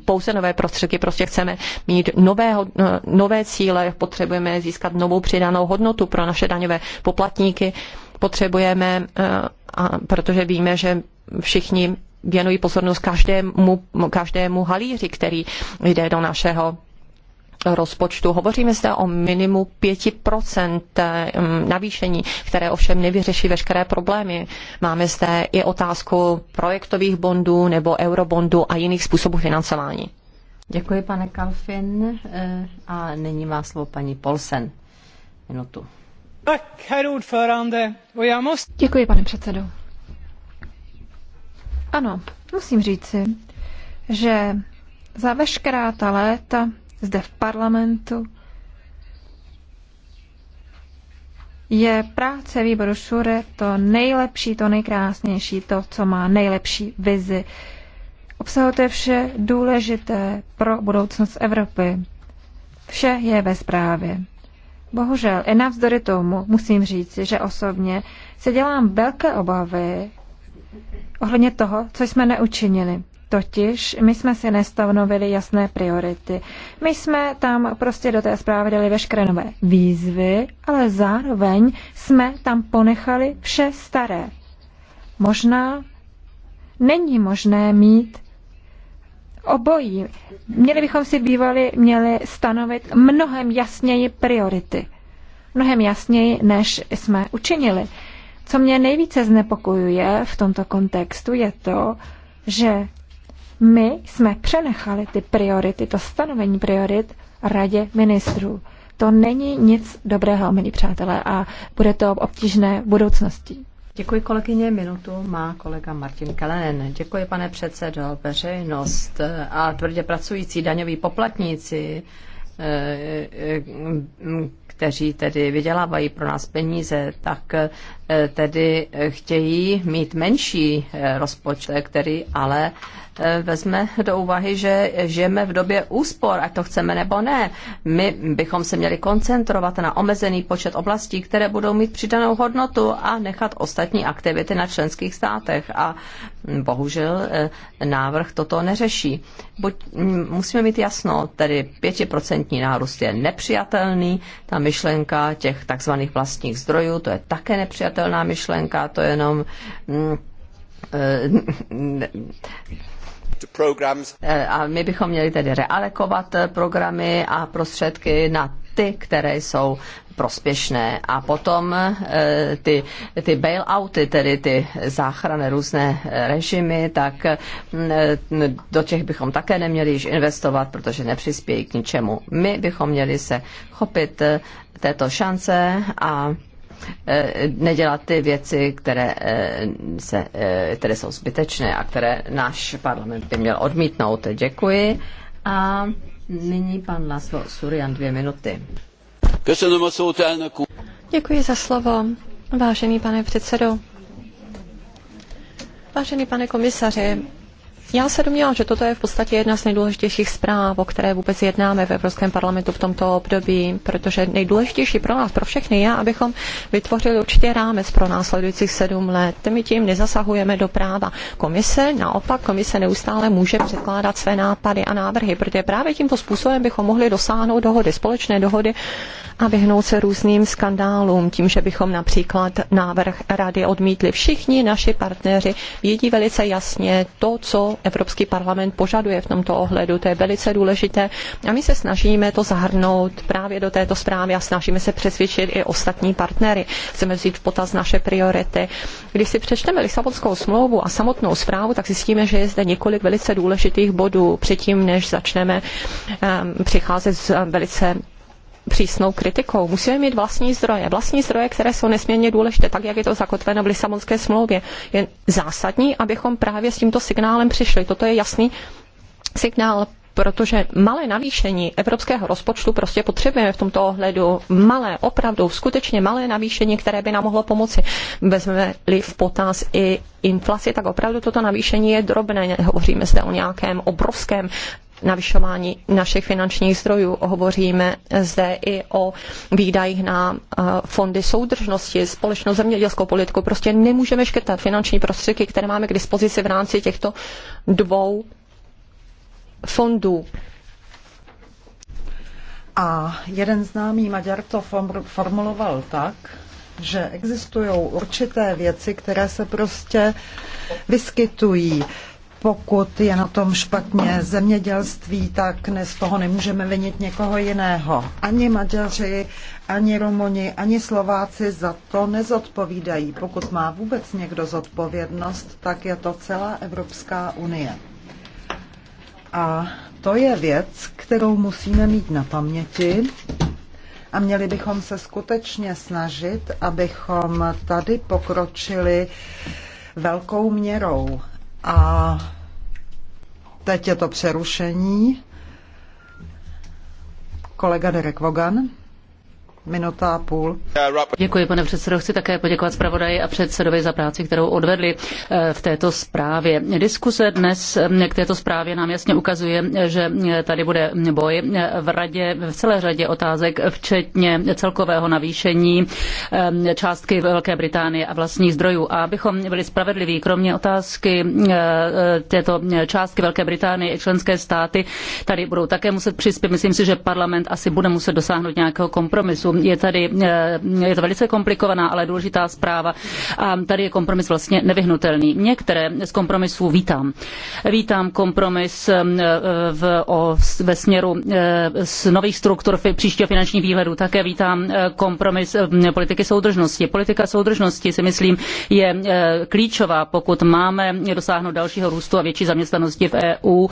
pouze nové prostředky. Prostě chceme mít nového, eh, nové cíle, potřebujeme získat novou přidanou hodnotu pro naše daňové poplatníky, potřebujeme, eh, protože víme, že všichni věnují pozornost každému, každému halíři, který jde do našeho rozpočtu. Hovoříme zde o minimu 5% eh, navýšení, které ovšem nevyřeší veškeré problémy. Máme zde i otázku projektových bondů nebo eurobondů a jiných způsobů financování. Děkuji, pane Kalfin. Eh, a nyní má slovo paní Polsen. Minutu. Děkuji, pane předsedo. Ano, musím říci, že za veškerá ta léta zde v parlamentu je práce výboru Šure to nejlepší, to nejkrásnější, to, co má nejlepší vizi. Obsahuje to vše důležité pro budoucnost Evropy. Vše je ve zprávě. Bohužel, i navzdory tomu musím říci, že osobně se dělám velké obavy ohledně toho, co jsme neučinili. Totiž my jsme si nestanovili jasné priority. My jsme tam prostě do té zprávy dali veškeré nové výzvy, ale zároveň jsme tam ponechali vše staré. Možná není možné mít obojí. Měli bychom si bývali měli stanovit mnohem jasněji priority. Mnohem jasněji, než jsme učinili. Co mě nejvíce znepokojuje v tomto kontextu je to, že my jsme přenechali ty priority, to stanovení priorit radě ministrů. To není nic dobrého, milí přátelé, a bude to obtížné v budoucnosti. Děkuji kolegyně, minutu má kolega Martin Kelenen. Děkuji pane předsedo, veřejnost a tvrdě pracující daňoví poplatníci, eh, eh, kteří tedy vydělávají pro nás peníze, tak Eh, tedy eh, chtějí mít menší eh, rozpočet, který ale vezme do úvahy, že žijeme v době úspor, ať to chceme nebo ne. My bychom se měli koncentrovat na omezený počet oblastí, které budou mít přidanou hodnotu a nechat ostatní aktivity na členských státech. A hm, bohužel návrh toto neřeší. Buď, hm, musíme mít jasno, tedy pětiprocentní nárůst je nepřijatelný, ta myšlenka těch takzvaných vlastních zdrojů, to je také nepřijatelné nepřijatelná myšlenka, to jenom mm, eh, a my bychom měli tedy realekovat eh, programy a prostředky na ty, které jsou prospěšné. A potom eh, ty, ty bailouty, tedy ty záchrany různé režimy, tak mm, do těch bychom také neměli již investovat, protože nepřispějí k ničemu. My bychom měli se chopit této šance a Eh, nedělat ty věci, které, eh, se, eh, které jsou zbytečné a které náš parlament by měl odmítnout. Děkuji. A nyní pan Laslo Surian dvě minuty. Děkuji za slovo, vážený pane předsedo. Vážený pane komisaři, já se domnívám, že toto je v podstatě jedna z nejdůležitějších zpráv, o které vůbec jednáme v Evropském parlamentu v tomto období, protože nejdůležitější pro nás, pro všechny je, abychom vytvořili určitě rámec pro následujících sedm let. My tím nezasahujeme do práva komise, naopak komise neustále může překládat své nápady a návrhy, protože právě tímto způsobem bychom mohli dosáhnout dohody, společné dohody a vyhnout se různým skandálům, tím, že bychom například návrh rady odmítli. Všichni naši partneři vědí velice jasně to, co Evropský parlament požaduje v tomto ohledu. To je velice důležité a my se snažíme to zahrnout právě do této zprávy a snažíme se přesvědčit i ostatní partnery. Chceme vzít v potaz naše priority. Když si přečteme Lisabonskou smlouvu a samotnou zprávu, tak zjistíme, že je zde několik velice důležitých bodů předtím, než začneme um, přicházet s velice přísnou kritikou. Musíme mít vlastní zdroje. Vlastní zdroje, které jsou nesmírně důležité, tak jak je to zakotveno v Lisabonské smlouvě. Je zásadní, abychom právě s tímto signálem přišli. Toto je jasný signál protože malé navýšení evropského rozpočtu prostě potřebujeme v tomto ohledu. Malé, opravdu, skutečně malé navýšení, které by nám mohlo pomoci. Vezme-li v potaz i inflaci, tak opravdu toto navýšení je drobné. Hovoříme zde o nějakém obrovském navyšování našich finančních zdrojů. Hovoříme zde i o výdajích na eh, fondy soudržnosti, společnou zemědělskou politiku. Prostě nemůžeme škrtat finanční prostředky, které máme k dispozici v rámci těchto dvou fondů. A jeden známý Maďar to formuloval tak, že existují určité věci, které se prostě vyskytují pokud je na tom špatně zemědělství, tak z toho nemůžeme vinit někoho jiného. Ani Maďaři, ani Rumuni, ani Slováci za to nezodpovídají. Pokud má vůbec někdo zodpovědnost, tak je to celá Evropská unie. A to je věc, kterou musíme mít na paměti a měli bychom se skutečně snažit, abychom tady pokročili velkou měrou. A teď je to přerušení. Kolega Derek Vogan minuta a půl. Děkuji, pane předsedo. Chci také poděkovat zpravodaji a předsedovi za práci, kterou odvedli eh, v této zprávě. Diskuse dnes eh, k této zprávě nám jasně ukazuje, že eh, tady bude boj v radě, v celé řadě otázek, včetně celkového navýšení částky Velké Británie a vlastních zdrojů. A abychom byli spravedliví, kromě otázky této částky Velké Británie i členské státy, tady budou také muset přispět. Myslím si, že parlament asi bude muset dosáhnout nějakého kompromisu je tady eh, je to velice komplikovaná, ale důležitá zpráva a tady je kompromis vlastně nevyhnutelný. Některé z kompromisů vítám. Vítám kompromis eh, v, o, ve směru z eh, nových struktur příštího finanční výhledu. Také vítám kompromis politiky soudržnosti. Politika soudržnosti si myslím je klíčová, pokud máme dosáhnout dalšího růstu a větší zaměstnanosti v EU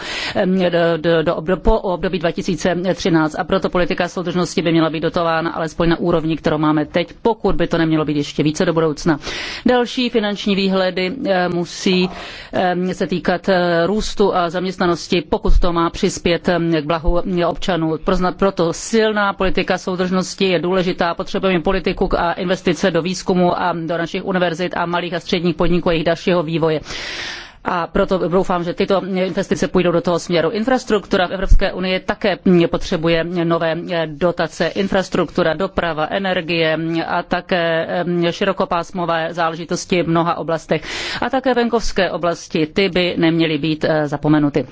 do, do, do, po období 2013. A proto politika soudržnosti by měla být dotována ale alespoň na úrovni, kterou máme teď, pokud by to nemělo být ještě více do budoucna. Další finanční výhledy eh, musí eh, se týkat eh, růstu a zaměstnanosti, pokud to má přispět k blahu občanů. Proto silná politika soudržnosti je důležitá. Potřebujeme politiku a investice do výzkumu a do našich univerzit a malých a středních podniků a jejich dalšího vývoje a proto doufám, že tyto investice půjdou do toho směru. Infrastruktura v Evropské unii také potřebuje nové dotace. Infrastruktura, doprava, energie a také mm, širokopásmové záležitosti v mnoha oblastech a také venkovské oblasti, ty by neměly být eh, zapomenuty.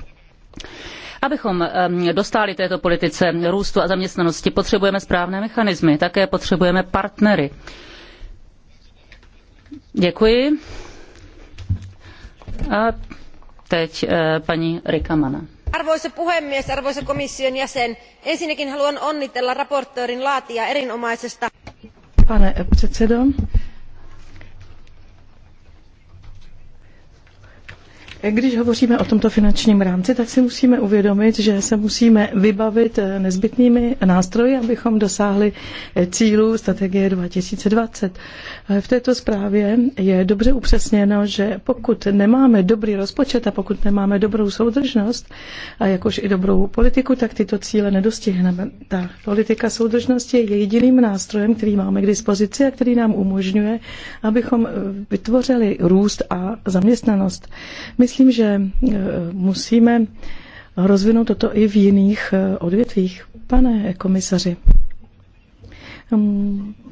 Abychom mm, dostáli této politice růstu a zaměstnanosti, potřebujeme správné mechanismy, také potřebujeme partnery. Děkuji. A teď eh, paní Rikamana. Arvoisa puhemies, arvoisa komission jäsen, ensinnäkin haluan onnitella raportöörin laatia erinomaisesta... Pane eh, předsedo, Když hovoříme o tomto finančním rámci, tak si musíme uvědomit, že se musíme vybavit eh, nezbytnými nástroji, abychom dosáhli eh, cílů strategie 2020. Eh, v této zprávě je dobře upřesněno, že pokud nemáme dobrý rozpočet a pokud nemáme dobrou soudržnost, a jakož i dobrou politiku, tak tyto cíle nedostihneme. Ta politika soudržnosti je jediným nástrojem, který máme k dispozici a který nám umožňuje, abychom vytvořili růst a zaměstnanost. My myslím, že eh, musíme rozvinout toto i v jiných eh, odvětvích. Pane komisaři,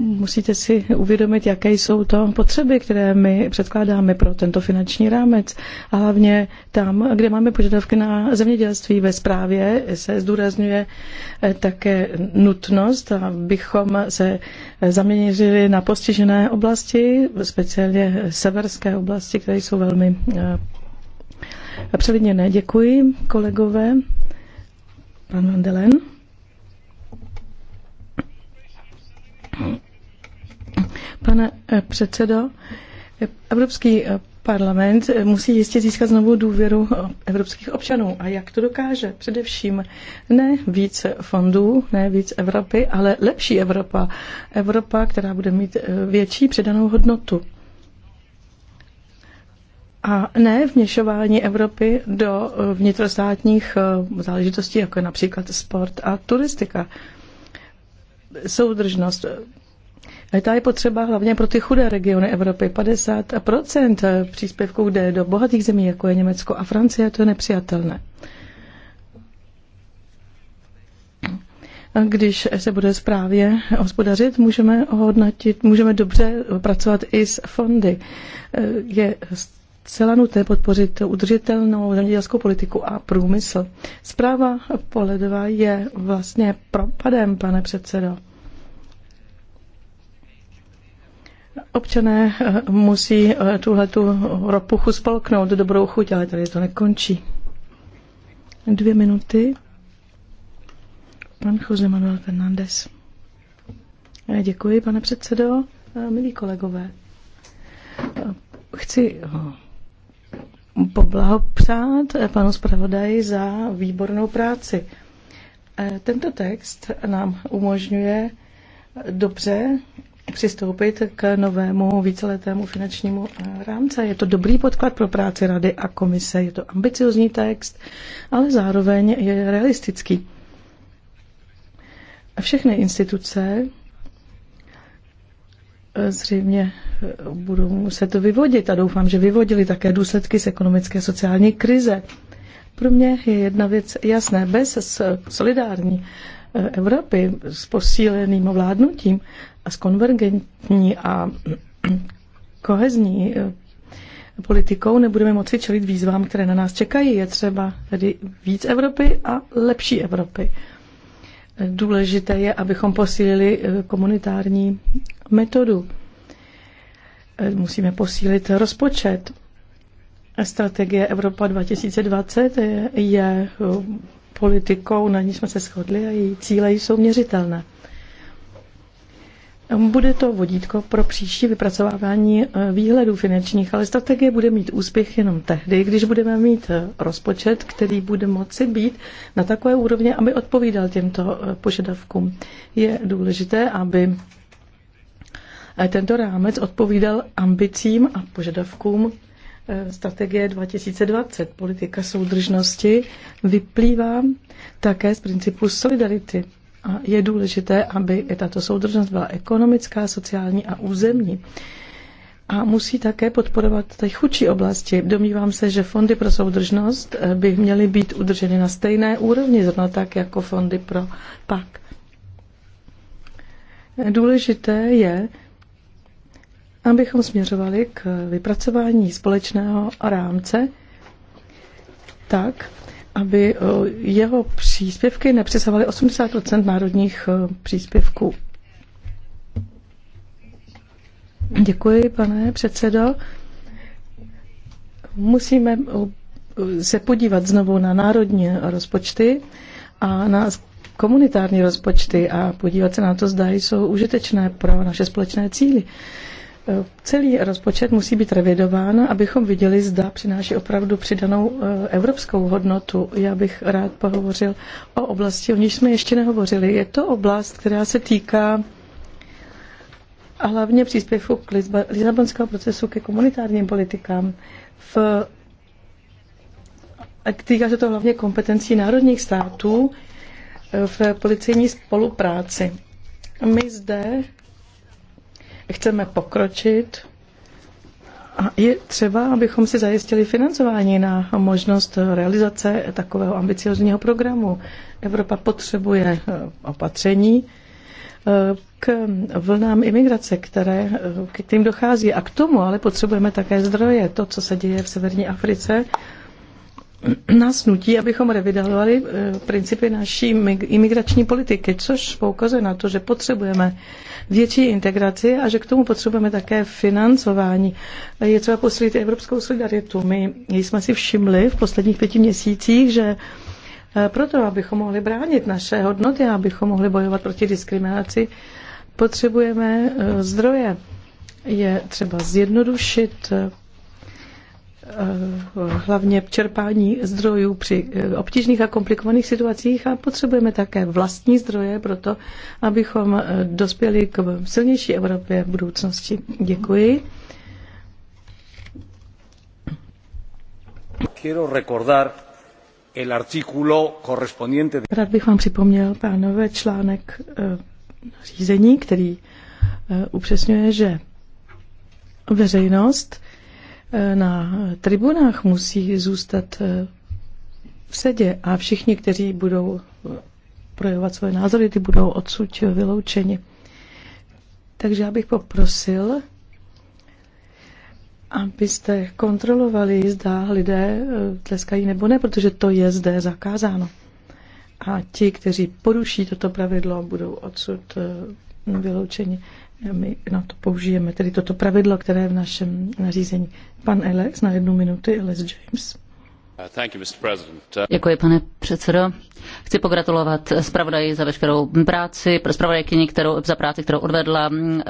musíte si uvědomit, jaké jsou to potřeby, které my předkládáme pro tento finanční rámec. A hlavně tam, kde máme požadavky na zemědělství ve zprávě, se zdůrazňuje eh, také nutnost, abychom se zaměřili na postižené oblasti, speciálně severské oblasti, které jsou velmi Absolutně ne, děkuji, kolegové. Pan Vandelen. Pane eh, předsedo, Evropský eh, parlament eh, musí jistě získat znovu důvěru evropských občanů. A jak to dokáže? Především ne více fondů, ne víc Evropy, ale lepší Evropa. Evropa, která bude mít větší předanou hodnotu a ne vněšování Evropy do vnitrostátních eh, záležitostí, jako je například sport a turistika. Soudržnost. Eh, ta je potřeba hlavně pro ty chudé regiony Evropy. 50% eh, příspěvků jde do bohatých zemí, jako je Německo a Francie, to je nepřijatelné. Když se bude správě hospodařit, můžeme hodnotit, můžeme dobře pracovat i s fondy. Je zcela nutné podpořit udržitelnou zemědělskou politiku a průmysl. Zpráva Poledova je vlastně propadem, pane předsedo. Občané eh, musí eh, tuhle tu ropuchu spolknout dobrou chuť, ale tady to nekončí. Dvě minuty. Pan Jose Manuel Fernández. Eh, děkuji, pane předsedo. Milí kolegové, chci poblahopřát panu zpravodaji za výbornou práci. E, tento text nám umožňuje dobře přistoupit k novému víceletému finančnímu e, rámce. Je to dobrý podklad pro práci Rady a komise, je to ambiciozní text, ale zároveň je realistický. Všechny instituce zřejmě eh, budou muset to vyvodit a doufám, že vyvodili také důsledky z ekonomické a sociální krize. Pro mě je jedna věc jasná: Bez solidární eh, Evropy s posíleným vládnutím a s konvergentní a kohezní eh, politikou nebudeme moci čelit výzvám, které na nás čekají. Je třeba tedy víc Evropy a lepší Evropy. Důležité je, abychom posílili komunitární metodu. Eh, musíme posílit rozpočet. Strategie Evropa 2020 je, je eh, politikou, na ní jsme se shodli a její cíle jsou měřitelné. Bude to vodítko pro příští vypracovávání eh, výhledů finančních, ale strategie bude mít úspěch jenom tehdy, když budeme mít rozpočet, který bude moci být na takové úrovni, aby odpovídal těmto požadavkům. Je důležité, aby tento rámec odpovídal ambicím a požadavkům e, strategie 2020. Politika soudržnosti vyplývá také z principu solidarity. A je důležité, aby i tato soudržnost byla ekonomická, sociální a územní. A musí také podporovat ty chudší oblasti. Domnívám se, že fondy pro soudržnost e, by měly být udrženy na stejné úrovni, zrovna tak jako fondy pro PAK. E, důležité je, abychom směřovali k vypracování společného rámce tak, aby eh, jeho příspěvky nepřesahovaly 80 národních eh, příspěvků. Děkuji, pane předsedo. Musíme eh, se podívat znovu na národní rozpočty a na komunitární rozpočty a podívat se na to, zda jsou užitečné pro naše společné cíly. Celý rozpočet musí být revidován, abychom viděli, zda přináší opravdu přidanou eh, evropskou hodnotu. Já bych rád pohovořil o oblasti, o níž jsme ještě nehovořili. Je to oblast, která se týká a hlavně příspěvku k Lisabonského procesu ke komunitárním politikám. V, týká se to hlavně kompetencí národních států eh, v policejní spolupráci. My zde chceme pokročit, a je třeba, abychom si zajistili financování na možnost realizace takového ambiciozního programu. Evropa potřebuje eh, opatření eh, k vlnám imigrace, které, eh, k kterým dochází. A k tomu ale potřebujeme také zdroje. To, co se děje v severní Africe, nás nutí, abychom revidovali eh, principy naší imigrační politiky, což poukazuje na to, že potřebujeme větší integraci a že k tomu potřebujeme také financování. Je třeba posílit evropskou solidaritu. My jsme si všimli v posledních pěti měsících, že eh, proto, abychom mohli bránit naše hodnoty, abychom mohli bojovat proti diskriminaci, potřebujeme eh, zdroje. Je třeba zjednodušit Eh, hlavně čerpání zdrojů při eh, obtížných a komplikovaných situacích a potřebujeme také vlastní zdroje pro to, abychom eh, dospěli k silnější Evropě v budoucnosti. Děkuji. Quiero recordar el artículo correspondiente. Rád bych vám připomněl, pánové, článek řízení, který upřesňuje, že veřejnost E, na tribunách musí zůstat e, v sedě a všichni, kteří budou e, projevovat svoje názory, ty budou odsud vyloučeni. Takže já bych poprosil, abyste kontrolovali, zda lidé tleskají nebo ne, protože to je zde zakázáno. A ti, kteří poruší toto pravidlo, budou odsud vyloučeni my na to použijeme, tedy toto pravidlo, které je v našem nařízení. Pan Alex na jednu minutu, Alex James. Uh, uh, Děkuji, pane předsedo. Chci pogratulovat zpravodaji za veškerou práci, zpravodajkyni kterou, za práci, kterou odvedla, um,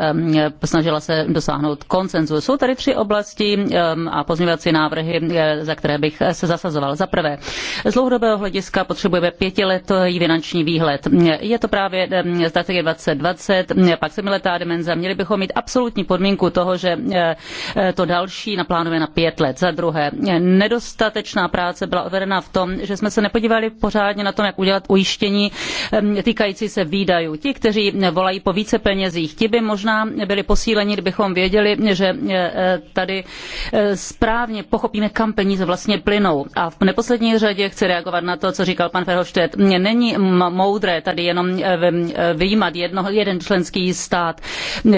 snažila se dosáhnout konsenzu. Jsou tady tři oblasti um, a pozměňovací návrhy, uh, za které bych se zasazoval. Za prvé, z dlouhodobého hlediska potřebujeme pětiletý finanční výhled. Je to právě um, strategie 2020, pak semiletá dimenze. Měli bychom mít absolutní podmínku toho, že to další naplánujeme na pět let. Za druhé, nedostatečná práce byla odvedena v tom, že jsme se nepodívali pořádně na tom, jak udělat ujištění týkající se výdajů. Ti, kteří volají po více penězích, ti by možná byli posíleni, kdybychom věděli, že tady správně pochopíme, kam peníze vlastně plynou. A v neposlední řadě chci reagovat na to, co říkal pan Verhofstadt. Není moudré tady jenom vyjímat jedno, jeden členský stát,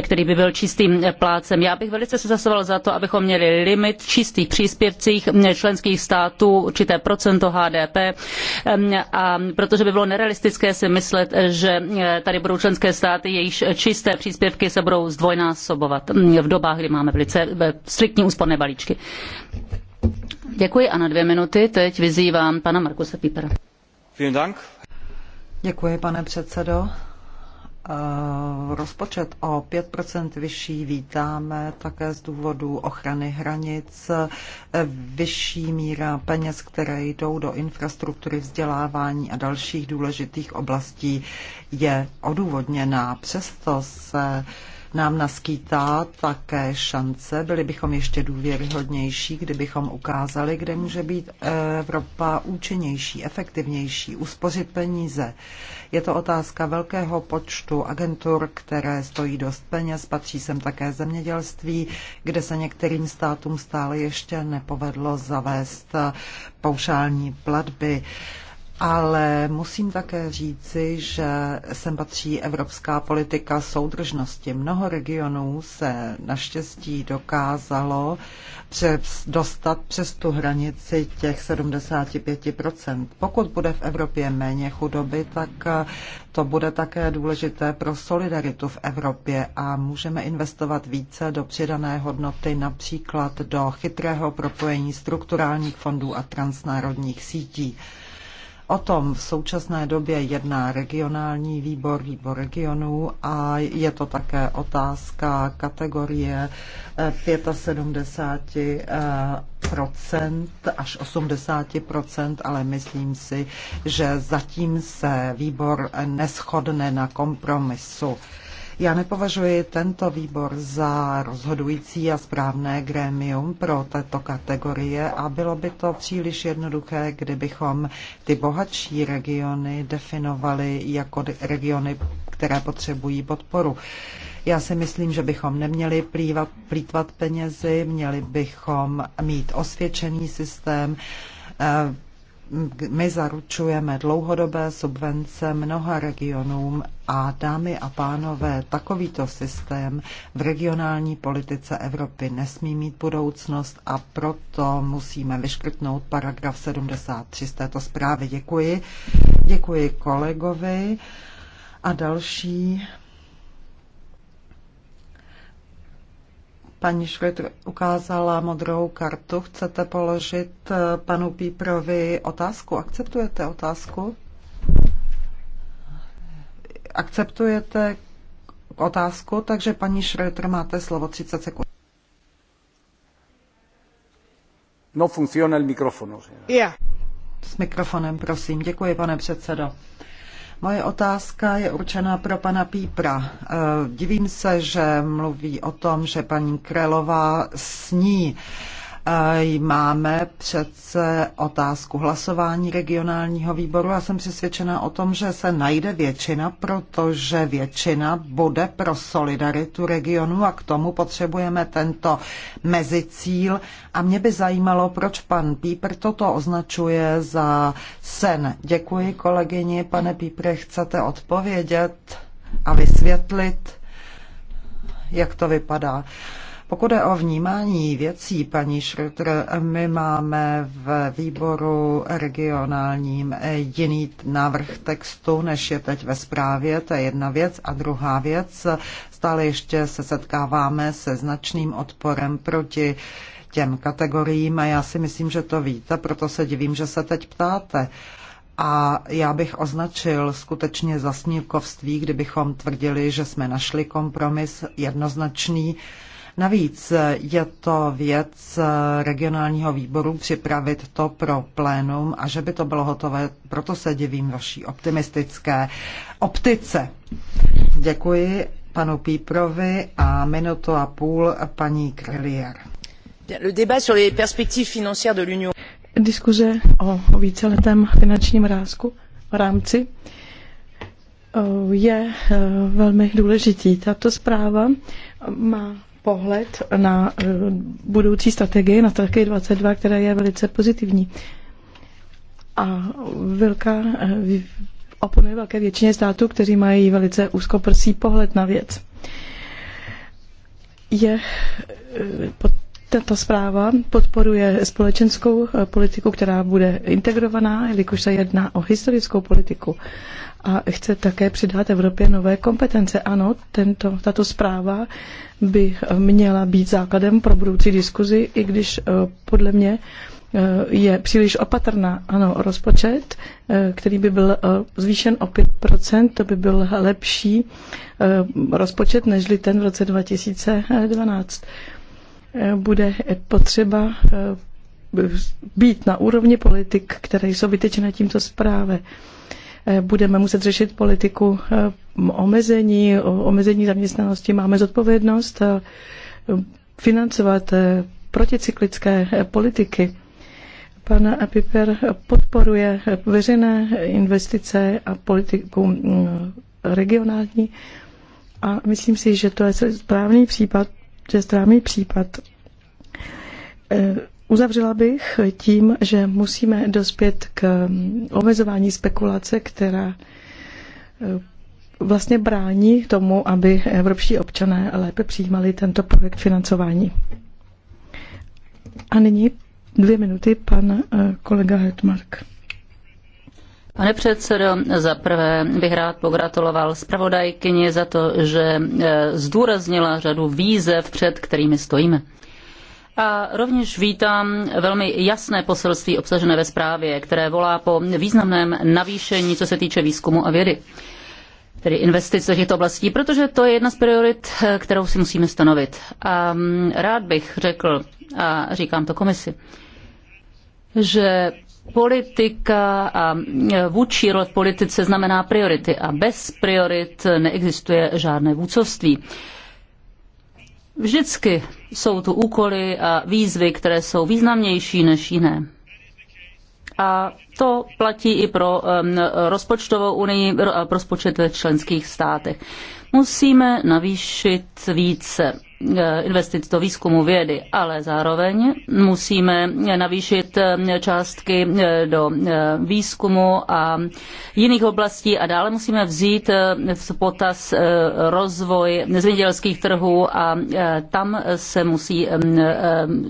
který by byl čistým plácem. Já bych velice se zasoval za to, abychom měli limit čistých příspěvcích členských států států, určité procento HDP, a protože by bylo nerealistické si myslet, že eh, tady budou členské státy, jejichž čisté příspěvky se budou zdvojnásobovat mm, v dobách, kdy máme velice eh, striktní úsporné balíčky. Děkuji a na dvě minuty teď vyzývám pana Markusa Pípera. Děkuji, pane předsedo. Eh, rozpočet o 5 vyšší vítáme také z důvodu ochrany hranic, eh, vyšší míra peněz, které jdou do infrastruktury vzdělávání a dalších důležitých oblastí je odůvodněná. Přesto se uh, nám naskýtá také šance. Byli bychom ještě důvěryhodnější, kdybychom ukázali, kde může být Evropa účinnější, efektivnější, uspořit peníze. Je to otázka velkého počtu agentur, které stojí dost peněz, patří sem také zemědělství, kde se některým státům stále ještě nepovedlo zavést paušální platby ale musím také říci, že sem patří evropská politika soudržnosti. Mnoho regionů se naštěstí dokázalo přes, dostat přes tu hranici těch 75%. Pokud bude v Evropě méně chudoby, tak eh, to bude také důležité pro solidaritu v Evropě a můžeme investovat více do přidané hodnoty, například do chytrého propojení strukturálních fondů a transnárodních sítí. O tom v současné době jedná regionální výbor, výbor regionů a je to také otázka kategorie 75 eh, eh, až 80 ale myslím si, že zatím se výbor neschodne na kompromisu. Já nepovažuji tento výbor za rozhodující a správné grémium pro této kategorie a bylo by to příliš jednoduché, kdybychom ty bohatší regiony definovali jako regiony, které potřebují podporu. Já si myslím, že bychom neměli plývat, plítvat penězi, měli bychom mít osvědčený systém, eh, my zaručujeme dlouhodobé subvence mnoha regionům a dámy a pánové, takovýto systém v regionální politice Evropy nesmí mít budoucnost a proto musíme vyškrtnout paragraf 73 z této zprávy. Děkuji. Děkuji kolegovi. A další Paní Švit ukázala modrou kartu. Chcete položit eh, panu Píprovi otázku? Akceptujete otázku? Akceptujete otázku, takže paní Šröter máte slovo 30 sekund. No funciona el micrófono. Yeah. S mikrofonem, prosím. Děkuji, pane předsedo. Moje otázka je určená pro pana Pípra. Eh, divím se, že mluví o tom, že paní Krelová sní. Máme přece otázku hlasování regionálního výboru a jsem přesvědčena o tom, že se najde většina, protože většina bude pro solidaritu regionu a k tomu potřebujeme tento mezicíl. A mě by zajímalo, proč pan Píper toto označuje za sen. Děkuji kolegyni, pane Pípre, chcete odpovědět a vysvětlit, jak to vypadá. Pokud je o vnímání věcí, paní Schröter, my máme v výboru regionálním jiný návrh textu, než je teď ve zprávě, to je jedna věc. A druhá věc, stále ještě se setkáváme se značným odporem proti těm kategoriím a já si myslím, že to víte, proto se divím, že se teď ptáte. A já bych označil skutečně zasnílkovství, kdybychom tvrdili, že jsme našli kompromis jednoznačný, Navíc je to věc eh, regionálního výboru připravit to pro plénum a že by to bylo hotové, proto se divím vaší optimistické optice. Děkuji panu Píprovi a minutu a půl paní Krelier. Le débat sur les perspectives financières de l'Union. Diskuze o víceletém finančním rázku v rámci eh, je eh, velmi důležitý. Tato zpráva má pohled na eh, budoucí strategii, na strategii 22, která je velice pozitivní. A velká, eh, oponuje velké většině států, kteří mají velice úzkoprsý pohled na věc. Je eh, pod tato zpráva podporuje společenskou eh, politiku, která bude integrovaná, jelikož se jedná o historickou politiku a chce také přidat Evropě nové kompetence. Ano, tento, tato zpráva by eh, měla být základem pro budoucí diskuzi, i když eh, podle mě je příliš opatrná. Ano, rozpočet, který by byl zvýšen o 5%, to by byl lepší rozpočet nežli ten v roce 2012. Eh, bude potřeba eh, být na úrovni politik, které jsou vytečené tímto zprávě. Eh, budeme muset řešit politiku omezení, omezení zaměstnanosti. Máme zodpovědnost financovat proticyklické politiky. Pan Piper podporuje veřejné investice a politiku mm, regionální a myslím si, že to je správný případ známý případ. E, uzavřela bych tím, že musíme dospět k mm, omezování spekulace, která e, vlastně brání tomu, aby evropští občané lépe přijímali tento projekt financování. A nyní dvě minuty pan e, kolega Hetmark. Pane předsedo, za prvé bych rád pogratuloval zpravodajkyni za to, že e, zdůraznila řadu výzev, před kterými stojíme. A rovněž vítám velmi jasné poselství obsažené ve zprávě, které volá po významném navýšení, co se týče výzkumu a vědy tedy investic těchto oblastí, protože to je jedna z priorit, e, kterou si musíme stanovit. A mm, rád bych řekl, a říkám to komisi, že politika a e, vůdčí role v politice znamená priority a bez priorit neexistuje žádné vůdcovství. Vždycky jsou tu úkoly a výzvy, které jsou významnější než jiné. A to platí i pro e, rozpočtovou unii, e, rozpočet ve členských státech. Musíme navýšit více eh, investic do výzkumu vědy, ale zároveň musíme navýšit eh, částky eh, do výzkumu a jiných oblastí a dále musíme vzít v potaz rozvoj zemědělských trhů a tam se musí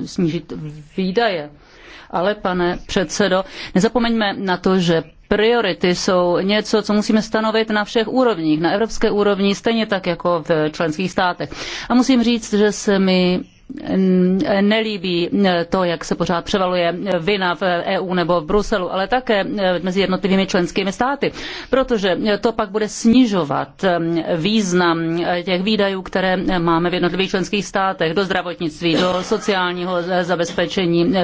snížit výdaje. Ale pane předsedo, nezapomeňme na to, že Priority jsou něco, co musíme stanovit na všech úrovních, na evropské úrovni, stejně tak jako v členských státech. A musím říct, že se mi nelíbí to, jak se pořád převaluje vina v EU nebo v Bruselu, ale také mezi jednotlivými členskými státy, protože to pak bude snižovat význam těch výdajů, které máme v jednotlivých členských státech do zdravotnictví, do sociálního zabezpečení,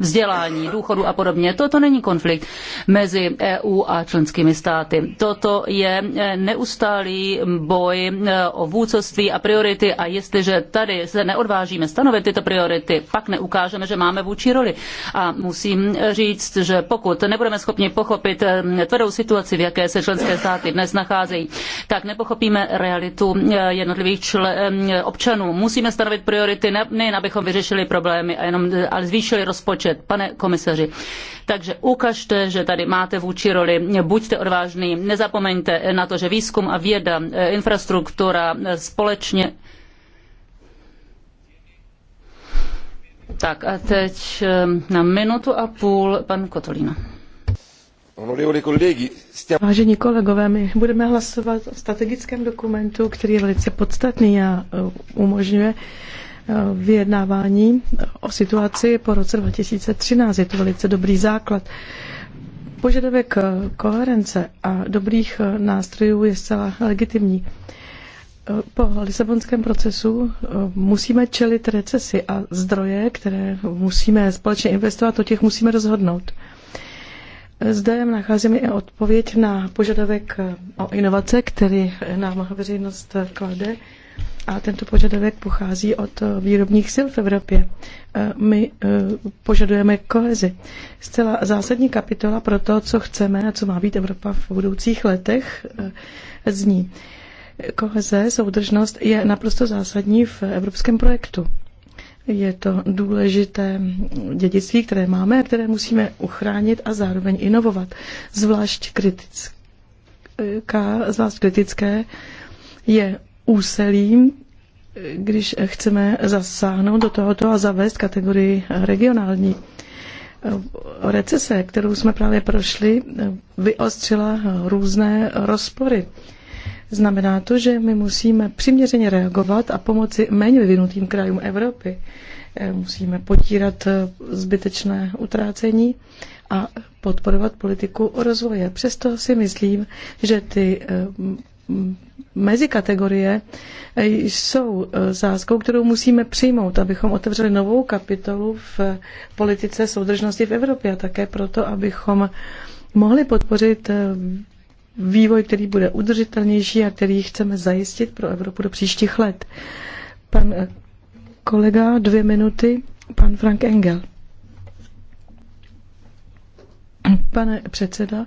vzdělání, důchodu a podobně. Toto není konflikt mezi EU a členskými státy. Toto je neustálý boj o vůdcovství a priority a jestliže tady se neodvážíme nestanovit tyto priority, pak neukážeme, že máme vůči roli. A musím říct, že pokud nebudeme schopni pochopit ehm, tvrdou situaci, v jaké se členské státy dnes nacházejí, tak nepochopíme realitu eh, jednotlivých ehm, občanů. Musíme stanovit priority nejen, abychom vyřešili problémy, a jenom, eh, ale zvýšili rozpočet. Pane komisaři, takže ukažte, že tady máte vůči roli, buďte odvážný, nezapomeňte na to, že výzkum a věda, eh, infrastruktura společně Tak a teď ehm, na minutu a půl pan Kotolína. Vážení kolegové, my budeme hlasovat o strategickém dokumentu, který je velice podstatný a e, umožňuje e, vyjednávání o situaci po roce 2013. Je to velice dobrý základ. Požadavek e, koherence a dobrých nástrojů je zcela legitimní. Po lisabonském procesu eh, musíme čelit recesi a zdroje, které musíme společně investovat, o těch musíme rozhodnout. Zde nacházíme i odpověď na požadavek eh, o inovace, který nám veřejnost klade. A tento požadavek pochází od eh, výrobních sil v Evropě. My požadujeme kohezi. Zcela zásadní kapitola pro to, co chceme a co má být Evropa v budoucích letech, zní. Koheze, soudržnost je naprosto zásadní v evropském projektu. Je to důležité dědictví, které máme a které musíme uchránit a zároveň inovovat. Zvlášť kritická, zvlášť kritické je úsilím, když chceme zasáhnout do tohoto a zavést kategorii regionální. Recese, kterou jsme právě prošli, vyostřila různé rozpory Znamená to, že my musíme přiměřeně reagovat a pomoci méně vyvinutým krajům Evropy. Eh, musíme potírat eh, zbytečné utrácení a podporovat politiku o rozvoje. Přesto si myslím, že ty eh, mezikategorie jsou záskou, kterou musíme přijmout, abychom otevřeli novou kapitolu v politice soudržnosti v Evropě a také proto, abychom mohli podpořit vývoj, který bude udržitelnější a který chceme zajistit pro Evropu do příštích let. Pan eh, kolega, dvě minuty, pan Frank Engel. Pane předseda,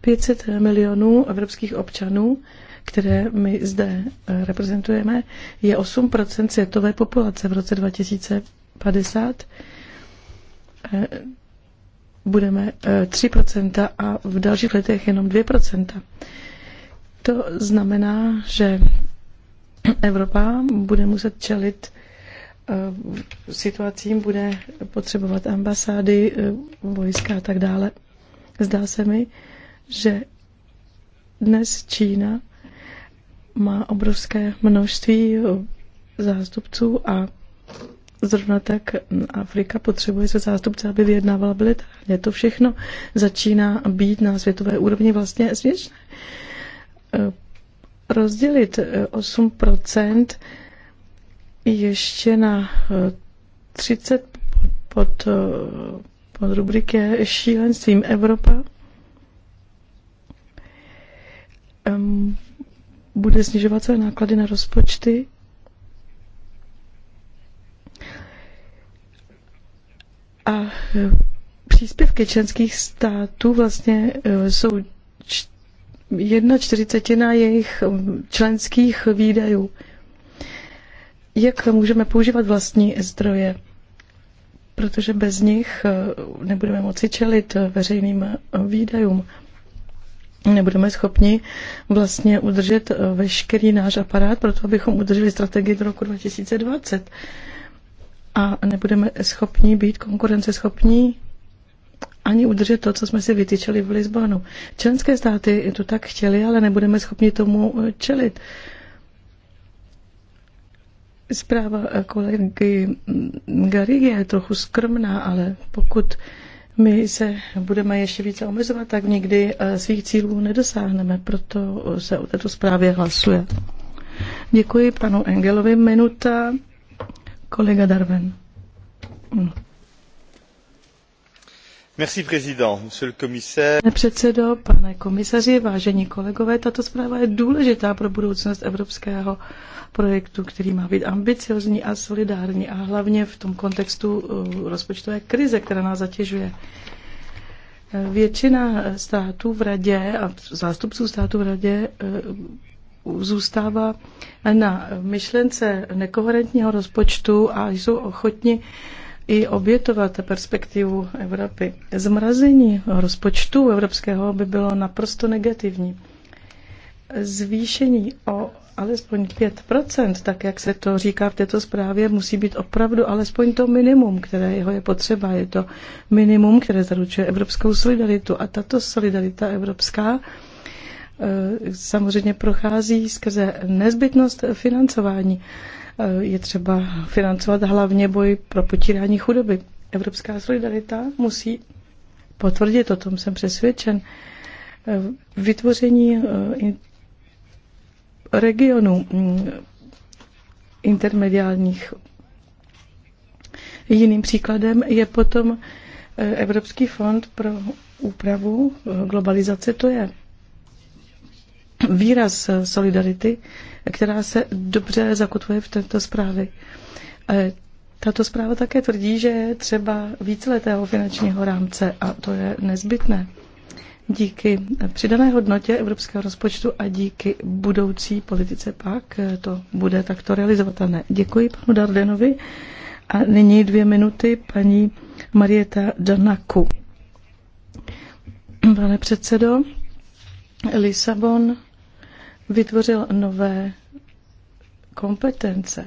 500 milionů evropských občanů, které my zde eh, reprezentujeme, je 8 světové populace v roce 2050 budeme 3% eh, a v dalších letech jenom 2%. To znamená, že Evropa bude muset čelit eh, situacím, bude potřebovat ambasády, eh, vojska a tak dále. Zdá se mi, že dnes Čína má obrovské množství zástupců a Zrovna tak Afrika potřebuje se zástupce, aby vyjednávala bilaterálně. To všechno začíná být na světové úrovni vlastně směšné. E, rozdělit 8% e, ještě na 30 e, pod, pod rubriky je šílenstvím Evropa bude snižovat své náklady na rozpočty A e, příspěvky členských států vlastně e, jsou jedna čtyřicetina jejich e, členských výdajů. Jak můžeme používat vlastní zdroje? Protože bez nich nebudeme moci čelit veřejným výdajům. Nebudeme schopni vlastně udržet veškerý náš aparát, proto abychom udrželi strategii do roku 2020 a nebudeme schopni být konkurenceschopní ani udržet to, co jsme si vytyčili v Lisbonu. Členské státy to tak chtěli, ale nebudeme schopni tomu čelit. Zpráva kolegy Garigy je trochu skromná, ale pokud my se budeme ještě více omezovat, tak nikdy eh, svých cílů nedosáhneme. Proto se o této zprávě hlasuje. Děkuji panu Engelovi. Minuta. Kolega darwin. Merci, président, monsieur le commissaire. Pane předsedo, pane komisaři, vážení kolegové, tato zpráva je důležitá pro budoucnost evropského projektu, který má být ambiciozní a solidární a hlavně v tom kontextu eh, rozpočtové krize, která nás zatěžuje. Eh, většina států v radě a zástupců států v radě eh, zůstává na myšlence nekoherentního rozpočtu a jsou ochotni i obětovat perspektivu Evropy. Zmrazení rozpočtu evropského by bylo naprosto negativní. Zvýšení o alespoň 5%, tak jak se to říká v této zprávě, musí být opravdu alespoň to minimum, které jeho je potřeba. Je to minimum, které zaručuje evropskou solidaritu. A tato solidarita evropská Eh, samozřejmě prochází skrze nezbytnost financování. Eh, je třeba financovat hlavně boj pro potírání chudoby. Evropská solidarita musí potvrdit, o tom jsem přesvědčen. Eh, vytvoření regionů mm, intermediálních. Jiným příkladem je potom Evropský fond pro úpravu globalizace, to je výraz solidarity, která se dobře zakotvuje v této zprávě. E, tato zpráva také tvrdí, že je třeba víceletého finančního rámce a to je nezbytné. Díky přidané hodnotě evropského rozpočtu a díky budoucí politice pak to bude takto realizovatelné. Děkuji panu Dardenovi a nyní dvě minuty paní Marieta Danaku. Pane předsedo, Lisabon vytvořil nové kompetence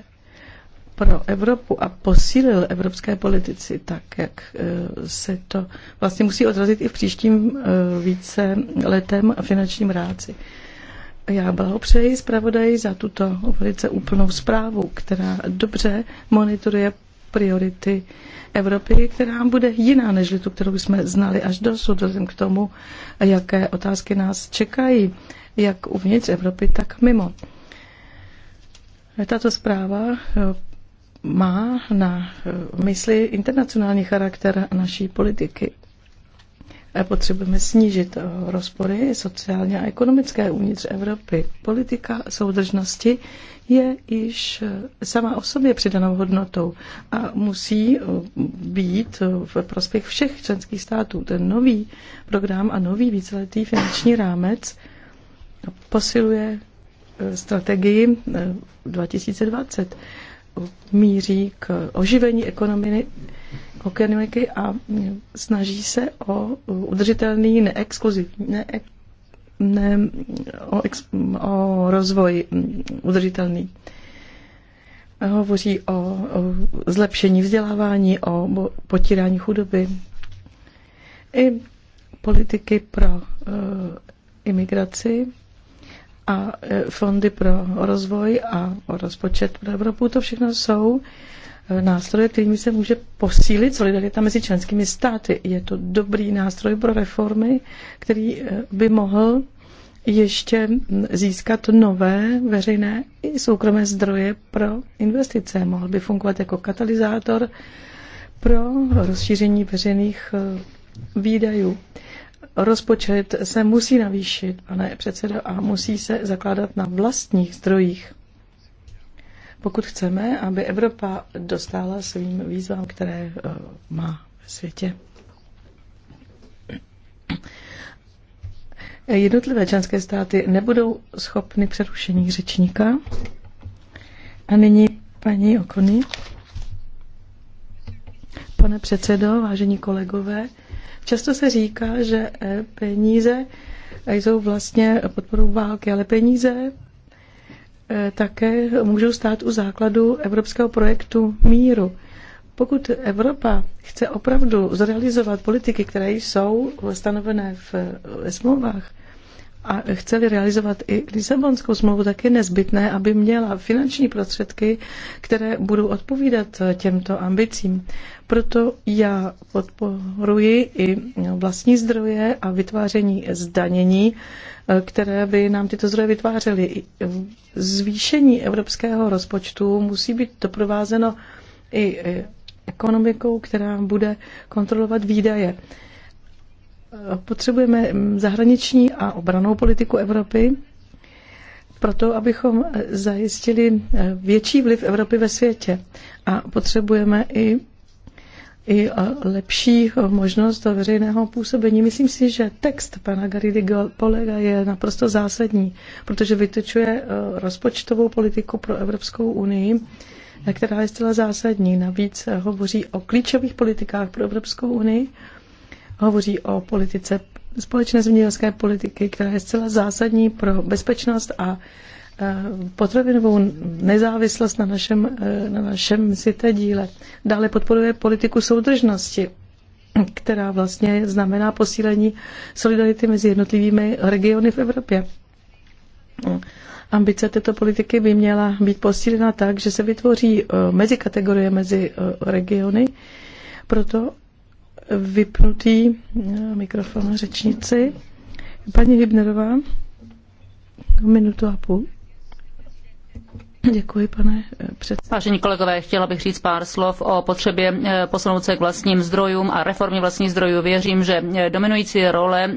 pro Evropu a posílil evropské politici tak, jak eh, se to vlastně musí odrazit i v příštím eh, více letem finančním ráci. Já blahopřeji zpravodaji za tuto velice úplnou zprávu, která dobře monitoruje priority Evropy, která bude jiná než tu, kterou jsme znali až dosud, vzhledem k tomu, jaké otázky nás čekají jak uvnitř Evropy, tak mimo. Tato zpráva eh, má na eh, mysli internacionální charakter naší politiky. Potřebujeme snížit eh, rozpory sociálně a ekonomické uvnitř Evropy. Politika soudržnosti je již sama o sobě přidanou hodnotou a musí být v prospěch všech členských států. Ten nový program a nový víceletý finanční rámec posiluje eh, strategii 2020. Eh, Míří k oživení ekonomiky a mm, snaží se o eh, udržitelný neexkluzivní, ne, ne, o, ex, o rozvoj mm, udržitelný. Hovoří o, o zlepšení vzdělávání, o potírání chudoby i politiky pro e, imigraci a e, fondy pro rozvoj a rozpočet pro Evropu, to všechno jsou e, nástroje, kterými se může posílit solidarita mezi členskými státy. Je to dobrý nástroj pro reformy, který e, by mohl ještě získat nové veřejné i soukromé zdroje pro investice. Mohl by fungovat jako katalyzátor pro rozšíření veřejných výdajů rozpočet se musí navýšit, pane předsedo, a musí se zakládat na vlastních zdrojích. Pokud chceme, aby Evropa dostala svým výzvám, které eh, má ve světě. Jednotlivé členské státy nebudou schopny přerušení řečníka. A nyní paní Okony. Pane předsedo, vážení kolegové, Často se říká, že eh, peníze jsou vlastně podporou války, ale peníze eh, také můžou stát u základu evropského projektu míru. Pokud Evropa chce opravdu zrealizovat politiky, které jsou stanovené v, smlouvách, a chceli realizovat i Lisabonskou smlouvu, tak je nezbytné, aby měla finanční prostředky, které budou odpovídat těmto ambicím. Proto já podporuji i vlastní zdroje a vytváření zdanění, které by nám tyto zdroje vytvářely. Zvýšení evropského rozpočtu musí být doprovázeno i ekonomikou, která bude kontrolovat výdaje potřebujeme zahraniční a obranou politiku Evropy, proto abychom zajistili větší vliv Evropy ve světě. A potřebujeme i, i lepší možnost veřejného působení. Myslím si, že text pana Garidy Polega je naprosto zásadní, protože vytočuje eh, rozpočtovou politiku pro Evropskou unii, která je zcela zásadní. Navíc eh, hovoří o klíčových politikách pro Evropskou unii, hovoří o politice společné zemědělské politiky, která je zcela zásadní pro bezpečnost a e, potravinovou nezávislost na našem, e, na našem sité díle. Dále podporuje politiku soudržnosti, která vlastně znamená posílení solidarity mezi jednotlivými regiony v Evropě. Ambice této politiky by měla být posílena tak, že se vytvoří e, mezi kategorie mezi regiony, proto vypnutý eh, mikrofon řečnici. Paní Hybnerová, minutu a půl. Děkuji, pane eh, předsedající. Vážení kolegové, chtěla bych říct pár slov o potřebě eh, posunout se k vlastním zdrojům a reformě vlastních zdrojů. Věřím, že eh, dominující role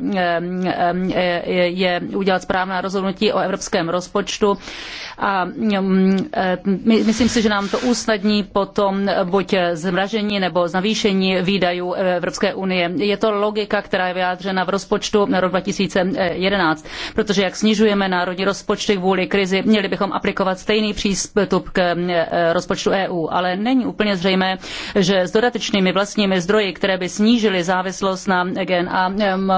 je udělat správná rozhodnutí o evropském rozpočtu a mm, myslím si, že nám to usnadní potom buď zmražení nebo navýšení výdajů Evropské unie. Je to logika, která je vyjádřena v rozpočtu na rok 2011, protože jak snižujeme národní rozpočty kvůli krizi, měli bychom aplikovat stejný přístup k eh, rozpočtu EU, ale není úplně zřejmé, že s dodatečnými vlastními zdroji, které by snížily závislost na GNA,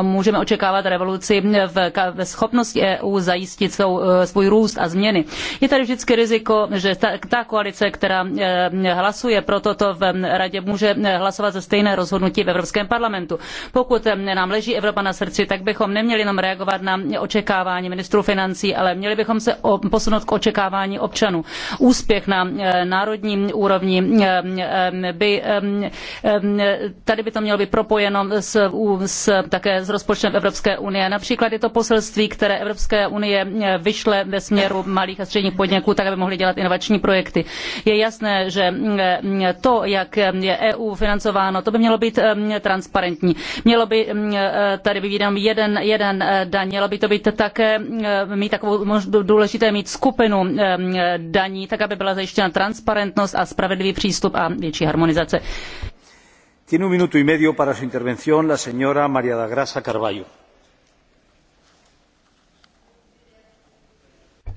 můžeme očekávat revoluci v schopnosti EU zajistit svou, eh, svůj růst a změny. Je tady vždycky riziko, že ta, ta koalice, která eh, hlasuje pro toto v radě, může hlasovat za stejné rozhodnutí v Evropském parlamentu. Pokud nám leží Evropa na srdci, tak bychom neměli jenom reagovat na očekávání ministrů financí, ale měli bychom se posunout k očekávání občanů občanů. Úspěch na eh, národní úrovni eh, eh, by, tady by to mělo být propojeno s, s, také s rozpočtem Evropské unie. Například je to poselství, které Evropské unie vyšle ve směru malých a středních podniků, tak aby mohly dělat inovační projekty. Je jasné, že mm, to, jak je EU financováno, to by mělo být transparentní. Mělo by mm, tady být jenom jeden, jeden daň, mělo by to být také mít takovou důležité mít skupinu daní, tak aby byla zajištěna transparentnost a spravedlivý přístup a větší harmonizace. Tiene un minuto y medio para su intervención la señora María da Grasa Carballo.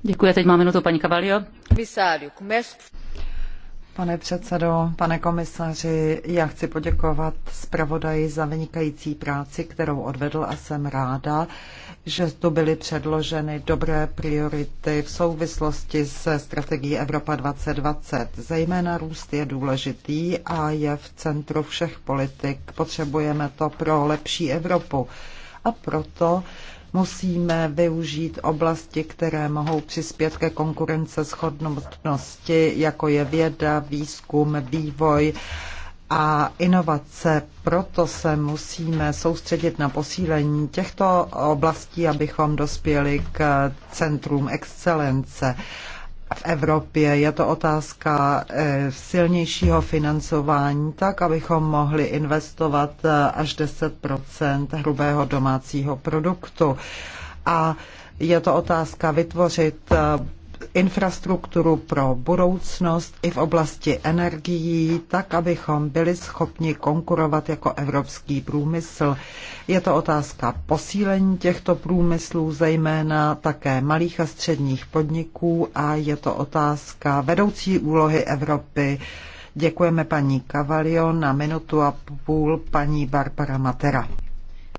Děkuji, teď má minutu paní Cavalio. Pane předsedo, pane komisaři, já chci poděkovat zpravodaji za vynikající práci, kterou odvedl a jsem ráda, že tu byly předloženy dobré priority v souvislosti se strategií Evropa 2020. Zejména růst je důležitý a je v centru všech politik. Potřebujeme to pro lepší Evropu. A proto Musíme využít oblasti, které mohou přispět ke konkurenceschodnosti jako je věda, výzkum, vývoj a inovace. Proto se musíme soustředit na posílení těchto oblastí, abychom dospěli k centrům excelence v Evropě. Je to otázka eh, silnějšího financování, tak abychom mohli investovat eh, až 10 hrubého domácího produktu. A je to otázka vytvořit eh, infrastrukturu pro budoucnost i v oblasti energií, tak abychom byli schopni konkurovat jako evropský průmysl. Je to otázka posílení těchto průmyslů, zejména také malých a středních podniků a je to otázka vedoucí úlohy Evropy. Děkujeme paní Cavalio na minutu a půl paní Barbara Matera.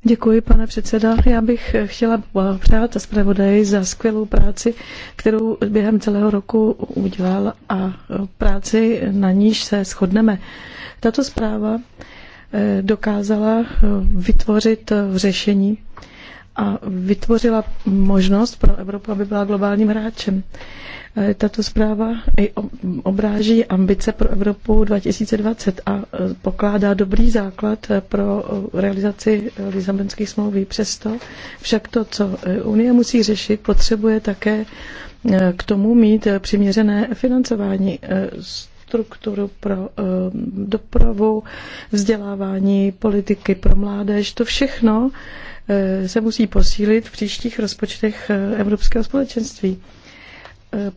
Děkuji, pane předseda. Já bych eh, chtěla eh, přát zpravodaji za skvělou práci, kterou během celého roku udělal a eh, práci, na níž se shodneme. Tato zpráva dokázala vytvořit řešení a vytvořila možnost pro Evropu, aby byla globálním hráčem. Eh, tato zpráva obráží ambice pro Evropu 2020 a eh, pokládá dobrý základ eh, pro realizaci Lisabonských smlouvy. Přesto však to, co Unie musí řešit, potřebuje také k tomu mít přiměřené financování strukturu pro dopravu, vzdělávání, politiky pro mládež. To všechno se musí posílit v příštích rozpočtech Evropského společenství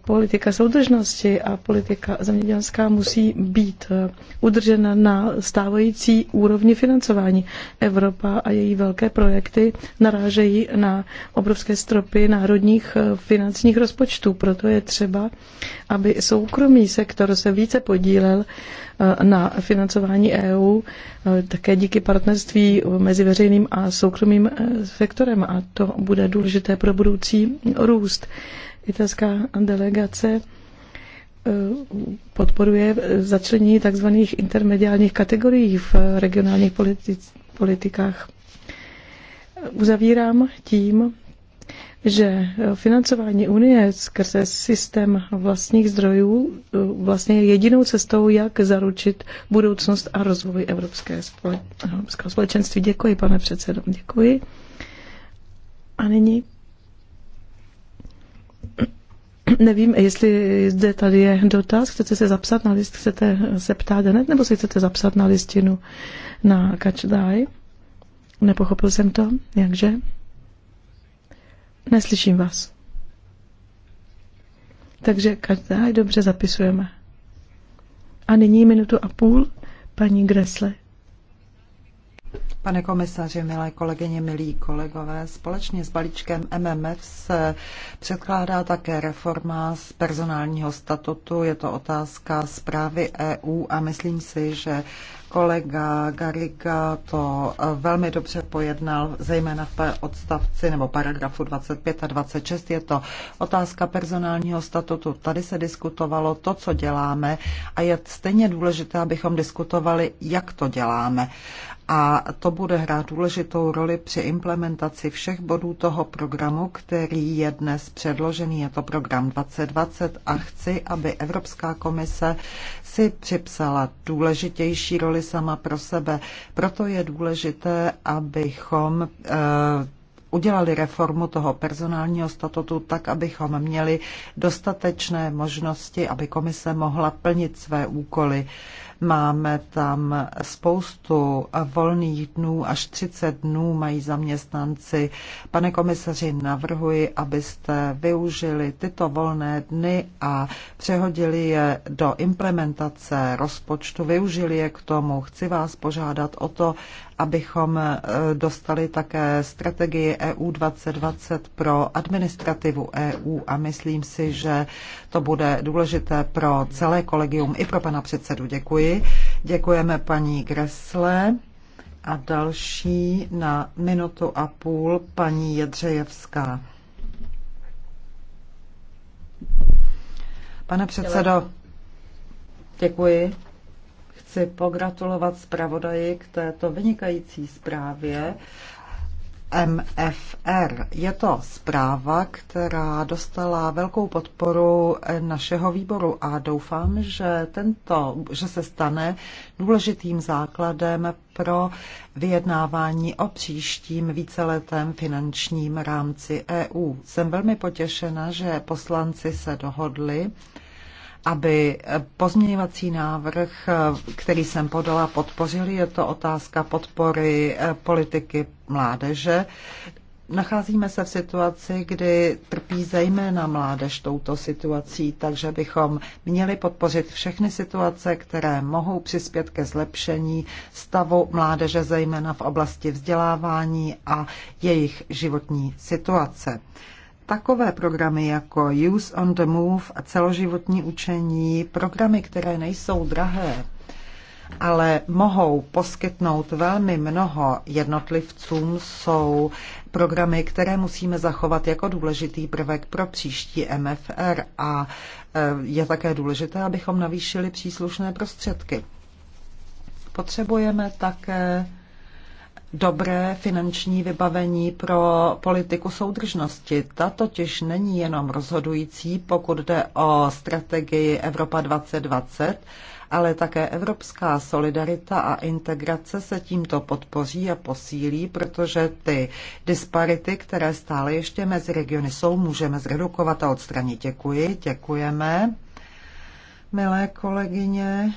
politika soudržnosti a politika zemědělská musí být eh, udržena na stávající úrovni financování. Evropa a její velké projekty narážejí na obrovské stropy národních eh, finančních rozpočtů, proto je třeba, aby soukromý sektor se více podílel eh, na financování EU, také díky partnerství mezi veřejným a soukromým sektorem a to bude důležité pro budoucí růst italská delegace eh, podporuje začlenění tzv. intermediálních kategorií v regionálních politikách. Uzavírám tím, že financování Unie skrze systém vlastních zdrojů eh, vlastně je jedinou cestou, jak zaručit budoucnost a rozvoj evropské spole- evropského společenství. Děkuji, pane předsedo. Děkuji. A nyní Nevím, jestli zde tady je dotaz, chcete se zapsat na list, chcete se ptát hned, nebo se chcete zapsat na listinu na Kačdaj? Nepochopil jsem to, jakže? Neslyším vás. Takže Kačdaj dobře zapisujeme. A nyní minutu a půl paní Gresle. Pane komisaři, milé kolegyně, milí kolegové, společně s balíčkem MMF se předkládá také reforma z personálního statutu. Je to otázka zprávy EU a myslím si, že kolega Gariga to velmi dobře pojednal, zejména v odstavci nebo paragrafu 25 a 26. Je to otázka personálního statutu. Tady se diskutovalo to, co děláme a je stejně důležité, abychom diskutovali, jak to děláme a to bude hrát důležitou roli při implementaci všech bodů toho programu, který je dnes předložený. Je to program 2020 a chci, aby Evropská komise si připsala důležitější roli sama pro sebe. Proto je důležité, abychom eh, udělali reformu toho personálního statutu tak, abychom měli dostatečné možnosti, aby komise mohla plnit své úkoly. Uh, Máme tam spoustu volných dnů, až 30 dnů mají zaměstnanci. Pane komisaři, navrhuji, abyste využili tyto volné dny a přehodili je do implementace rozpočtu, využili je k tomu. Chci vás požádat o to, abychom e, dostali také strategii EU 2020 pro administrativu EU a myslím si, že to bude důležité pro celé kolegium i pro pana předsedu. Děkuji. Děkujeme paní Gresle. A další na minutu a půl paní Jedřejevská. Pane předsedo, děkuji. Chci pogratulovat zpravodaji k této vynikající zprávě. MFR. Je to zpráva, která dostala velkou podporu našeho výboru a doufám, že, tento, že se stane důležitým základem pro vyjednávání o příštím víceletém finančním rámci EU. Jsem velmi potěšena, že poslanci se dohodli, aby pozměňovací návrh, který jsem podala, podpořili. Je to otázka podpory eh, politiky mládeže. Nacházíme se v situaci, kdy trpí zejména mládež touto situací, takže bychom měli podpořit všechny situace, které mohou přispět ke zlepšení stavu mládeže, zejména v oblasti vzdělávání a jejich životní situace takové programy jako Use on the Move a celoživotní učení, programy, které nejsou drahé, ale mohou poskytnout velmi mnoho jednotlivcům, jsou programy, které musíme zachovat jako důležitý prvek pro příští MFR a e, je také důležité, abychom navýšili příslušné prostředky. Potřebujeme také dobré finanční vybavení pro politiku soudržnosti. Ta totiž není jenom rozhodující, pokud jde o strategii Evropa 2020, ale také evropská solidarita a integrace se tímto podpoří a posílí, protože ty disparity, které stále ještě mezi regiony jsou, můžeme zredukovat a odstranit. Děkuji, děkujeme. Milé kolegyně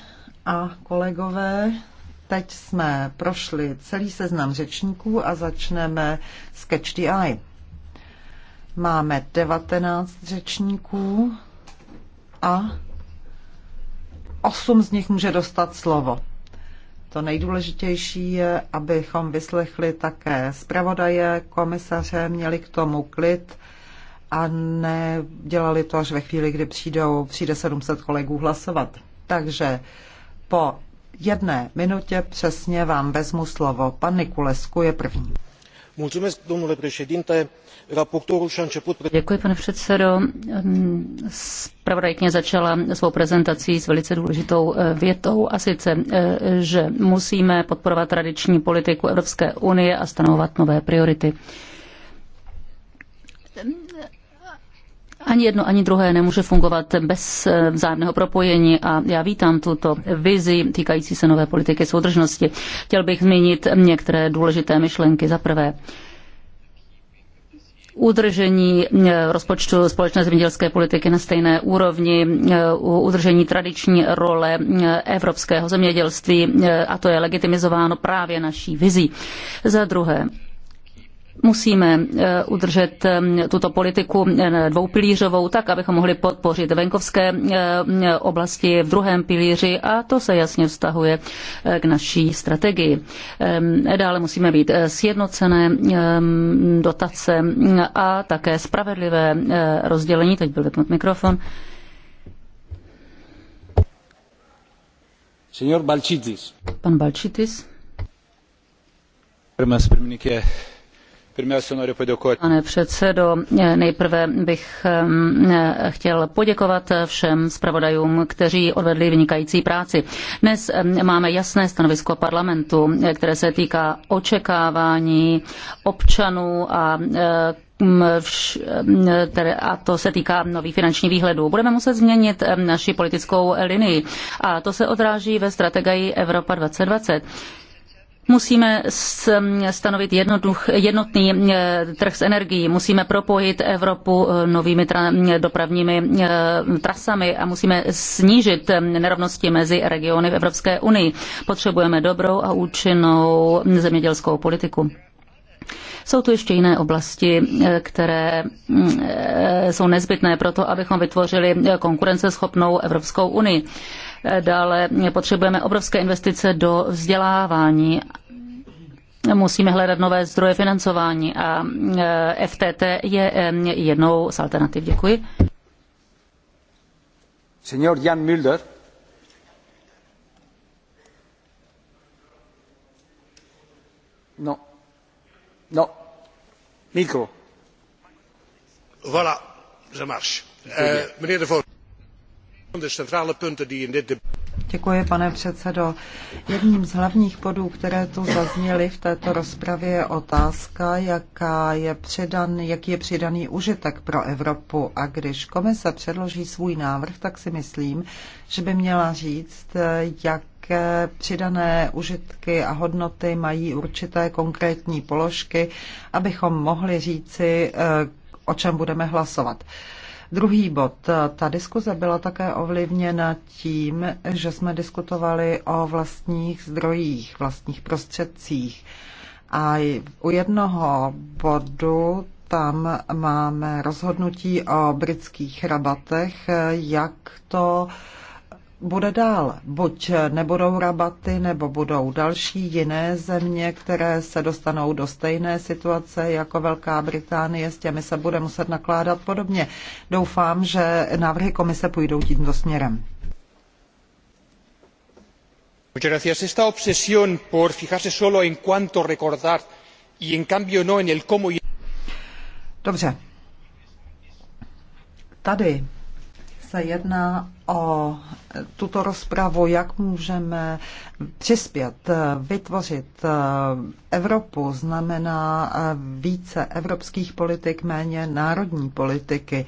a kolegové, Teď jsme prošli celý seznam řečníků a začneme s Catch the Eye. Máme 19 řečníků a 8 z nich může dostat slovo. To nejdůležitější je, abychom vyslechli také zpravodaje, komisaře, měli k tomu klid a nedělali to až ve chvíli, kdy přijdou, přijde 700 kolegů hlasovat. Takže po jedné minutě přesně vám vezmu slovo. Pan Nikulesku je první. Děkuji, pane předsedo. Spravodajkně začala svou prezentací s velice důležitou eh, větou a sice, eh, že musíme podporovat tradiční politiku Evropské unie a stanovovat nové priority ani jedno, ani druhé nemůže fungovat bez eh, vzájemného propojení a já vítám tuto vizi týkající se nové politiky soudržnosti. Chtěl bych zmínit některé důležité myšlenky. Za prvé, udržení eh, rozpočtu společné zemědělské politiky na stejné úrovni, eh, udržení tradiční role evropského zemědělství a to je legitimizováno právě naší vizí. Za druhé, Musíme eh, udržet eh, tuto politiku eh, dvoupilířovou tak, abychom mohli podpořit venkovské oblasti v druhém pilíři a to se jasně vztahuje k naší strategii. Ehm, dále musíme být sjednocené ehm, dotace a také spravedlivé rozdělení. Teď byl vypnut mikrofon. Pan Balčitis. Pirmas Pane předsedo, nejprve bych chtěl poděkovat všem zpravodajům, kteří odvedli vynikající práci. Dnes máme jasné stanovisko parlamentu, které se týká očekávání občanů a a to se týká nových finanční výhledů. Budeme muset změnit naši politickou linii a to se odráží ve strategii Evropa 2020 Musíme stanovit jednotný eh, trh s energií, musíme propojit Evropu eh, novými dopravními eh, trasami a musíme snížit nerovnosti mezi regiony v Evropské unii. Potřebujeme dobrou a účinnou zemědělskou politiku. Jsou tu ještě jiné oblasti, které mm, jsou nezbytné pro to, abychom vytvořili konkurenceschopnou Evropskou unii. Dále potřebujeme obrovské investice do vzdělávání musíme hledat nové zdroje financování a e, FTT je e, jednou z alternativ. Děkuji. Senior Jan Müller. No. No. Mikro. Voilà, je marche. Uh, meneer de voorzitter pane Jedním z hlavních bodů, které tu zazněly v této rozpravě, je otázka, jaká je jaký je přidaný užitek pro Evropu. A když komise předloží svůj návrh, tak si myslím, že by měla říct, jak jaké přidané užitky a hodnoty mají určité konkrétní položky, abychom mohli říci, eh, o čem budeme hlasovat. Druhý bod. Ta diskuze byla také ovlivněna tím, že jsme diskutovali o vlastních zdrojích, vlastních prostředcích. A u jednoho bodu tam máme rozhodnutí o britských rabatech, jak to bude dál. Buď nebudou rabaty, nebo budou další jiné země, které se dostanou do stejné situace jako Velká Británie. S těmi se bude muset nakládat podobně. Doufám, že návrhy komise půjdou tímto směrem. Esta obsesión por fijarse solo en cuánto recordar y en cambio no en el cómo y... Dobře. Tady se jedná o tuto rozpravu, jak můžeme přispět, vytvořit Evropu, znamená více evropských politik, méně národní politiky.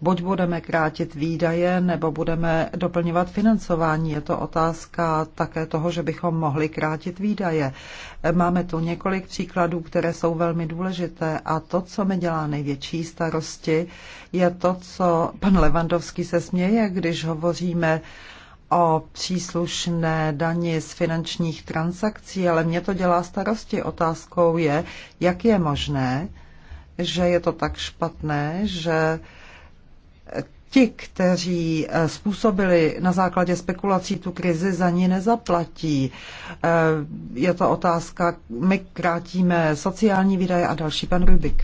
Buď budeme krátit výdaje, nebo budeme doplňovat financování. Je to otázka také toho, že bychom mohli krátit výdaje. Máme tu několik příkladů, které jsou velmi důležité a to, co mi dělá největší starosti, je to, co pan Levandovský se směje, když hovoří hovoříme o příslušné dani z finančních transakcí, ale mě to dělá starosti. Otázkou je, jak je možné, že je to tak špatné, že ti, kteří eh, způsobili na základě spekulací tu krizi, za ní nezaplatí. Eh, je to otázka, my krátíme sociální výdaje a další pan Rubik.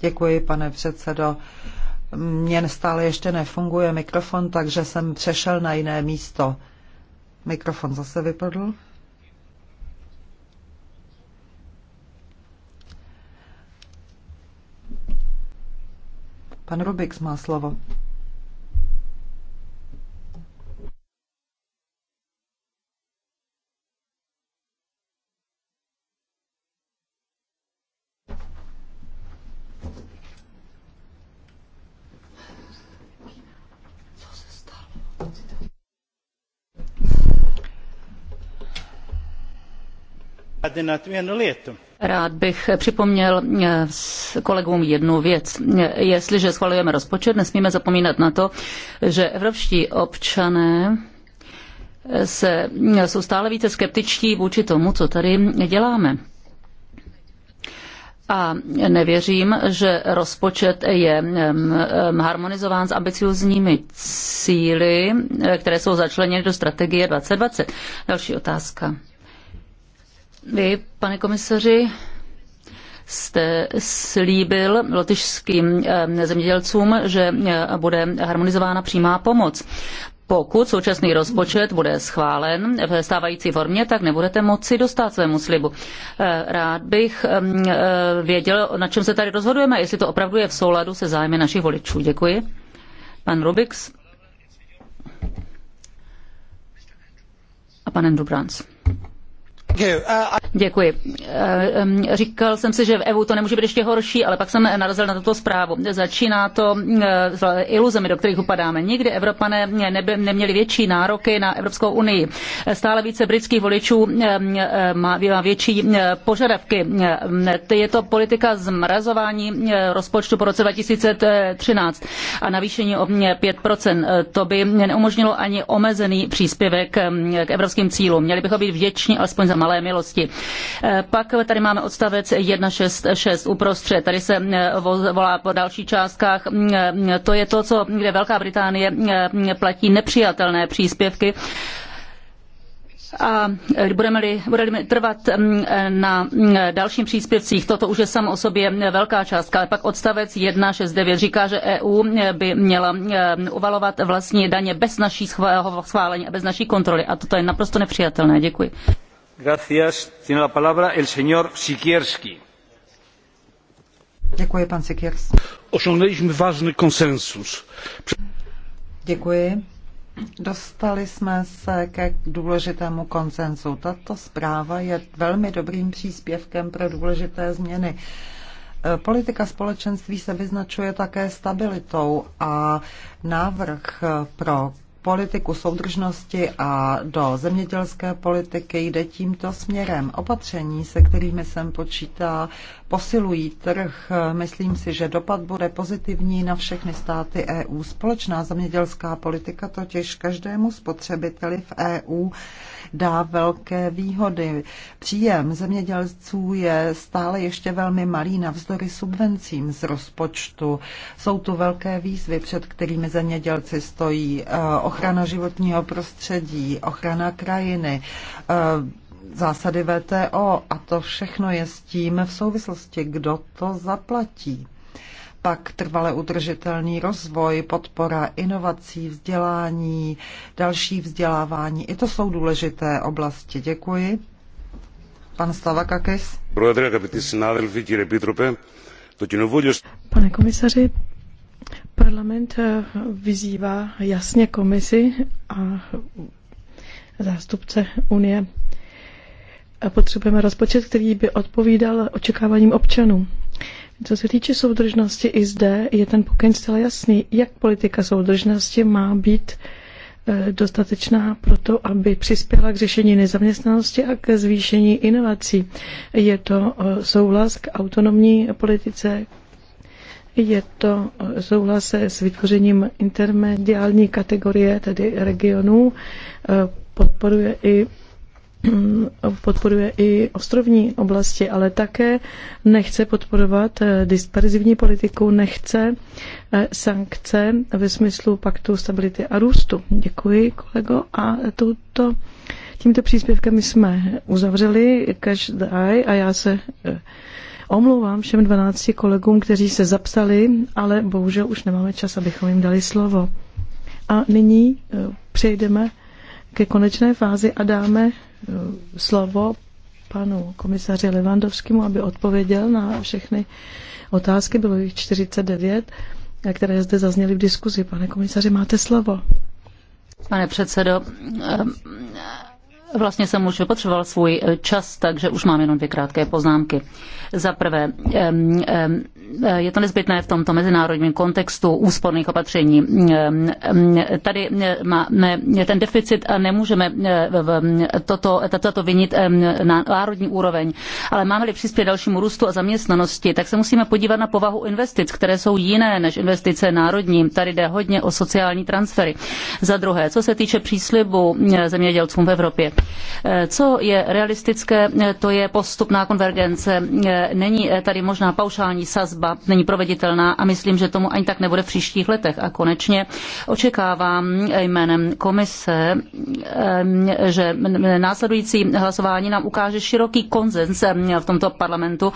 Děkuji, pane předsedo. Mně stále ještě nefunguje mikrofon, takže jsem přešel na jiné místo. Mikrofon zase vypadl. Pan Rubik má slovo. Rád bych připomněl eh, s kolegům jednu věc. Jestliže schvalujeme rozpočet, nesmíme zapomínat na to, že evropští občané eh, se, eh, jsou stále více skeptičtí vůči tomu, co tady děláme. A nevěřím, že rozpočet je harmonizován s ambiciozními cíly, které jsou začleněny do strategie 2020. Další otázka. Vy, pane komisaři, jste slíbil lotyšským eh, zemědělcům, že eh, bude harmonizována přímá pomoc. Pokud současný rozpočet bude schválen v stávající formě, tak nebudete moci dostat svému slibu. Eh, rád bych věděl, na čem se tady rozhodujeme, jestli to opravdu je v souladu se zájmy našich voličů. Děkuji. Pan Rubiks a pan Andrew Děkuji. Eh, říkal jsem si, že v EU to nemůže být ještě horší, ale pak jsem narazil na tuto zprávu. Začíná to eh, iluzemi, do kterých upadáme. Nikdy Evropané neby, neměli větší nároky na Evropskou unii. Stále více britských voličů eh, má větší požadavky. Je to politika zmrazování rozpočtu po roce 2013 a navýšení o 5%. To by neumožnilo ani omezený příspěvek k evropským cílům. Měli bychom být vděční alespoň za malé milosti. Eh, pak tady máme odstavec 166 uprostřed. Tady se eh, volá po dalších částkách. Mm, eh, to je to, co, kde Velká Británie mm, platí nepřijatelné příspěvky. A budeme-li, budeme trvat mm, na dalším příspěvcích, toto už je sam o sobě velká částka, ale pak odstavec 169 říká, že EU by měla uvalovat vlastní daně bez naší schválení a bez naší kontroly. A toto je naprosto nepřijatelné. Děkuji. Děkuji, pan Sikierski. Osiągnęliśmy ważny konsensus. Děkuji. Dostali jsme se ke důležitému koncenzu. Tato zpráva je velmi dobrým příspěvkem pro důležité změny. E, politika společenství se vyznačuje také stabilitou a návrh pro politiku soudržnosti a do zemědělské politiky jde tímto směrem. Opatření, se kterými jsem počítá, posilují trh. Myslím si, že dopad bude pozitivní na všechny státy EU. Společná zemědělská politika totiž každému spotřebiteli v EU dá velké výhody. Příjem zemědělců je stále ještě velmi malý navzdory subvencím z rozpočtu. Jsou tu velké výzvy, před kterými zemědělci stojí. Eh, ochrana životního prostředí, ochrana krajiny, eh, zásady VTO a to všechno je s tím v souvislosti, kdo to zaplatí pak trvale udržitelný rozvoj, podpora inovací, vzdělání, další vzdělávání. I to jsou důležité oblasti. Děkuji. Pan Stavakakis. Pane komisaři, parlament eh, vyzývá jasně komisi a zástupce Unie. Potřebujeme rozpočet, který by odpovídal očekáváním občanů. Co se týče soudržnosti, i zde je ten pokyn zcela jasný, jak politika soudržnosti má být e, dostatečná pro to, aby přispěla k řešení nezaměstnanosti a k zvýšení inovací. Je to e, souhlas k autonomní politice, je to e, souhlas s vytvořením intermediální kategorie, tedy regionů, podporuje i podporuje i ostrovní oblasti, ale také nechce podporovat eh, disperzivní politiku, nechce eh, sankce ve smyslu paktu stability a růstu. Děkuji, kolego. A tuto, tímto příspěvkem jsme uzavřeli Cash Eye a já se eh, omlouvám všem 12 kolegům, kteří se zapsali, ale bohužel už nemáme čas, abychom jim dali slovo. A nyní přejdeme ke konečné fázi a dáme eh, slovo panu komisaři Levandovskému, aby odpověděl na všechny otázky, bylo jich 49, eh, které zde zazněly v diskuzi. Pane komisaři, máte slovo. Pane předsedo, eh, Vlastně jsem už vypotřeboval svůj čas, takže už mám jenom dvě krátké poznámky. Za prvé, Eh, je to nezbytné v tomto mezinárodním kontextu úsporných opatření. Eh, eh, tady máme ten deficit a nemůžeme toto, tato vinit na národní úroveň, ale máme-li přispět dalšímu růstu a zaměstnanosti, tak se musíme podívat na povahu investic, které jsou jiné než investice národní. Tady jde hodně o sociální transfery. Za druhé, co se týče příslibu zemědělcům v Evropě. Co je realistické, to je postupná konvergence. Není tady možná paušální sazba vazba není proveditelná a myslím, že tomu ani tak nebude v příštích letech. A konečně očekávám jménem komise, eh, že následující hlasování nám ukáže široký konzens eh, v tomto parlamentu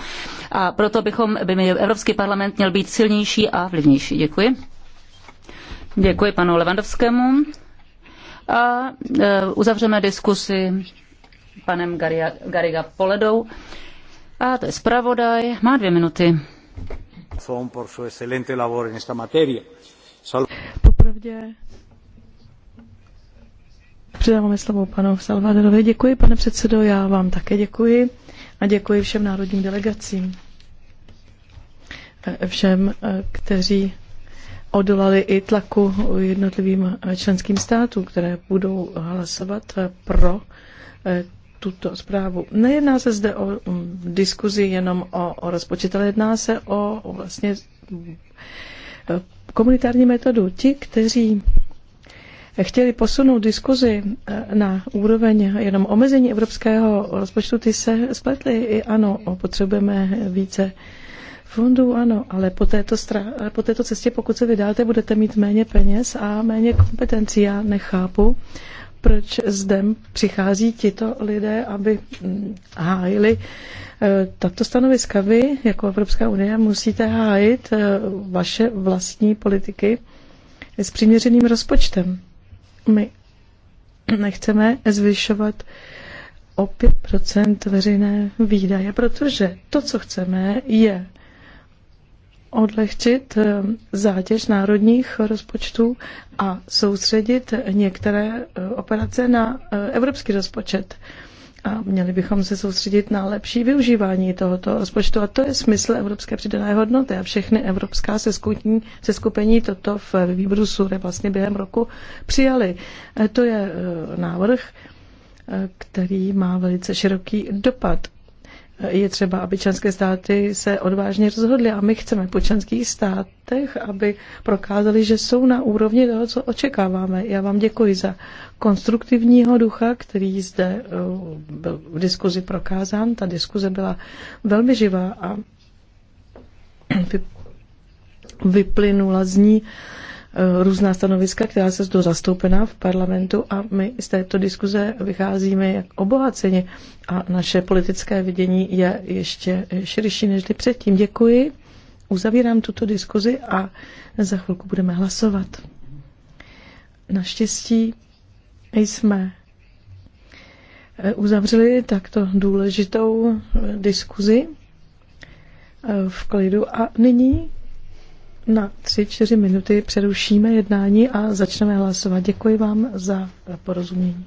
a proto bychom, by mi Evropský parlament měl být silnější a vlivnější. Děkuji. Děkuji panu Levandovskému. A eh, uzavřeme diskusi panem Gariga Poledou. A to je zpravodaj, má dvě minuty. Salvadorovi. Děkuji, pane předsedo, já vám také děkuji a děkuji všem národním delegacím, eh, všem, eh, kteří odolali i tlaku jednotlivým eh, členským státům, které budou hlasovat pro tuto zprávu. Nejedná se zde o mm, diskuzi jenom o, o rozpočet, ale jedná se o, o vlastně eh, komunitární metodu. Ti, kteří chtěli posunout diskuzi eh, na úroveň jenom omezení evropského rozpočtu, ty se spletly. I ano, potřebujeme více fondů, ano, ale po této, stra- po této cestě, pokud se vydáte, budete mít méně peněz a méně kompetencí. Já nechápu, proč zde přichází tito lidé, aby mm, hájili e, tato stanoviska. Vy jako Evropská unie musíte hájit e, vaše vlastní politiky s přiměřeným rozpočtem. My nechceme zvyšovat o 5 veřejné výdaje, protože to, co chceme, je odlehčit eh, zátěž národních rozpočtů a soustředit některé eh, operace na eh, evropský rozpočet. A měli bychom se soustředit na lepší využívání tohoto rozpočtu. A to je smysl evropské přidané hodnoty. A všechny evropská seskupení, toto v výboru SURE vlastně během roku přijali. To je návrh, který má velice široký dopad je třeba, aby členské státy se odvážně rozhodly a my chceme po členských státech, aby prokázali, že jsou na úrovni toho, co očekáváme. Já vám děkuji za konstruktivního ducha, který zde eh, byl v diskuzi prokázán. Ta diskuze byla velmi živá a vyplynula z ní Eh, různá stanoviska, která se zde zastoupená v parlamentu a my z této diskuze vycházíme jak obohaceně a naše politické vidění je ještě širší než předtím. Děkuji. Uzavírám tuto diskuzi a za chvilku budeme hlasovat. Naštěstí jsme eh, uzavřeli takto důležitou eh, diskuzi v klidu a nyní na tři, čtyři minuty přerušíme jednání a začneme hlasovat. Děkuji vám za porozumění.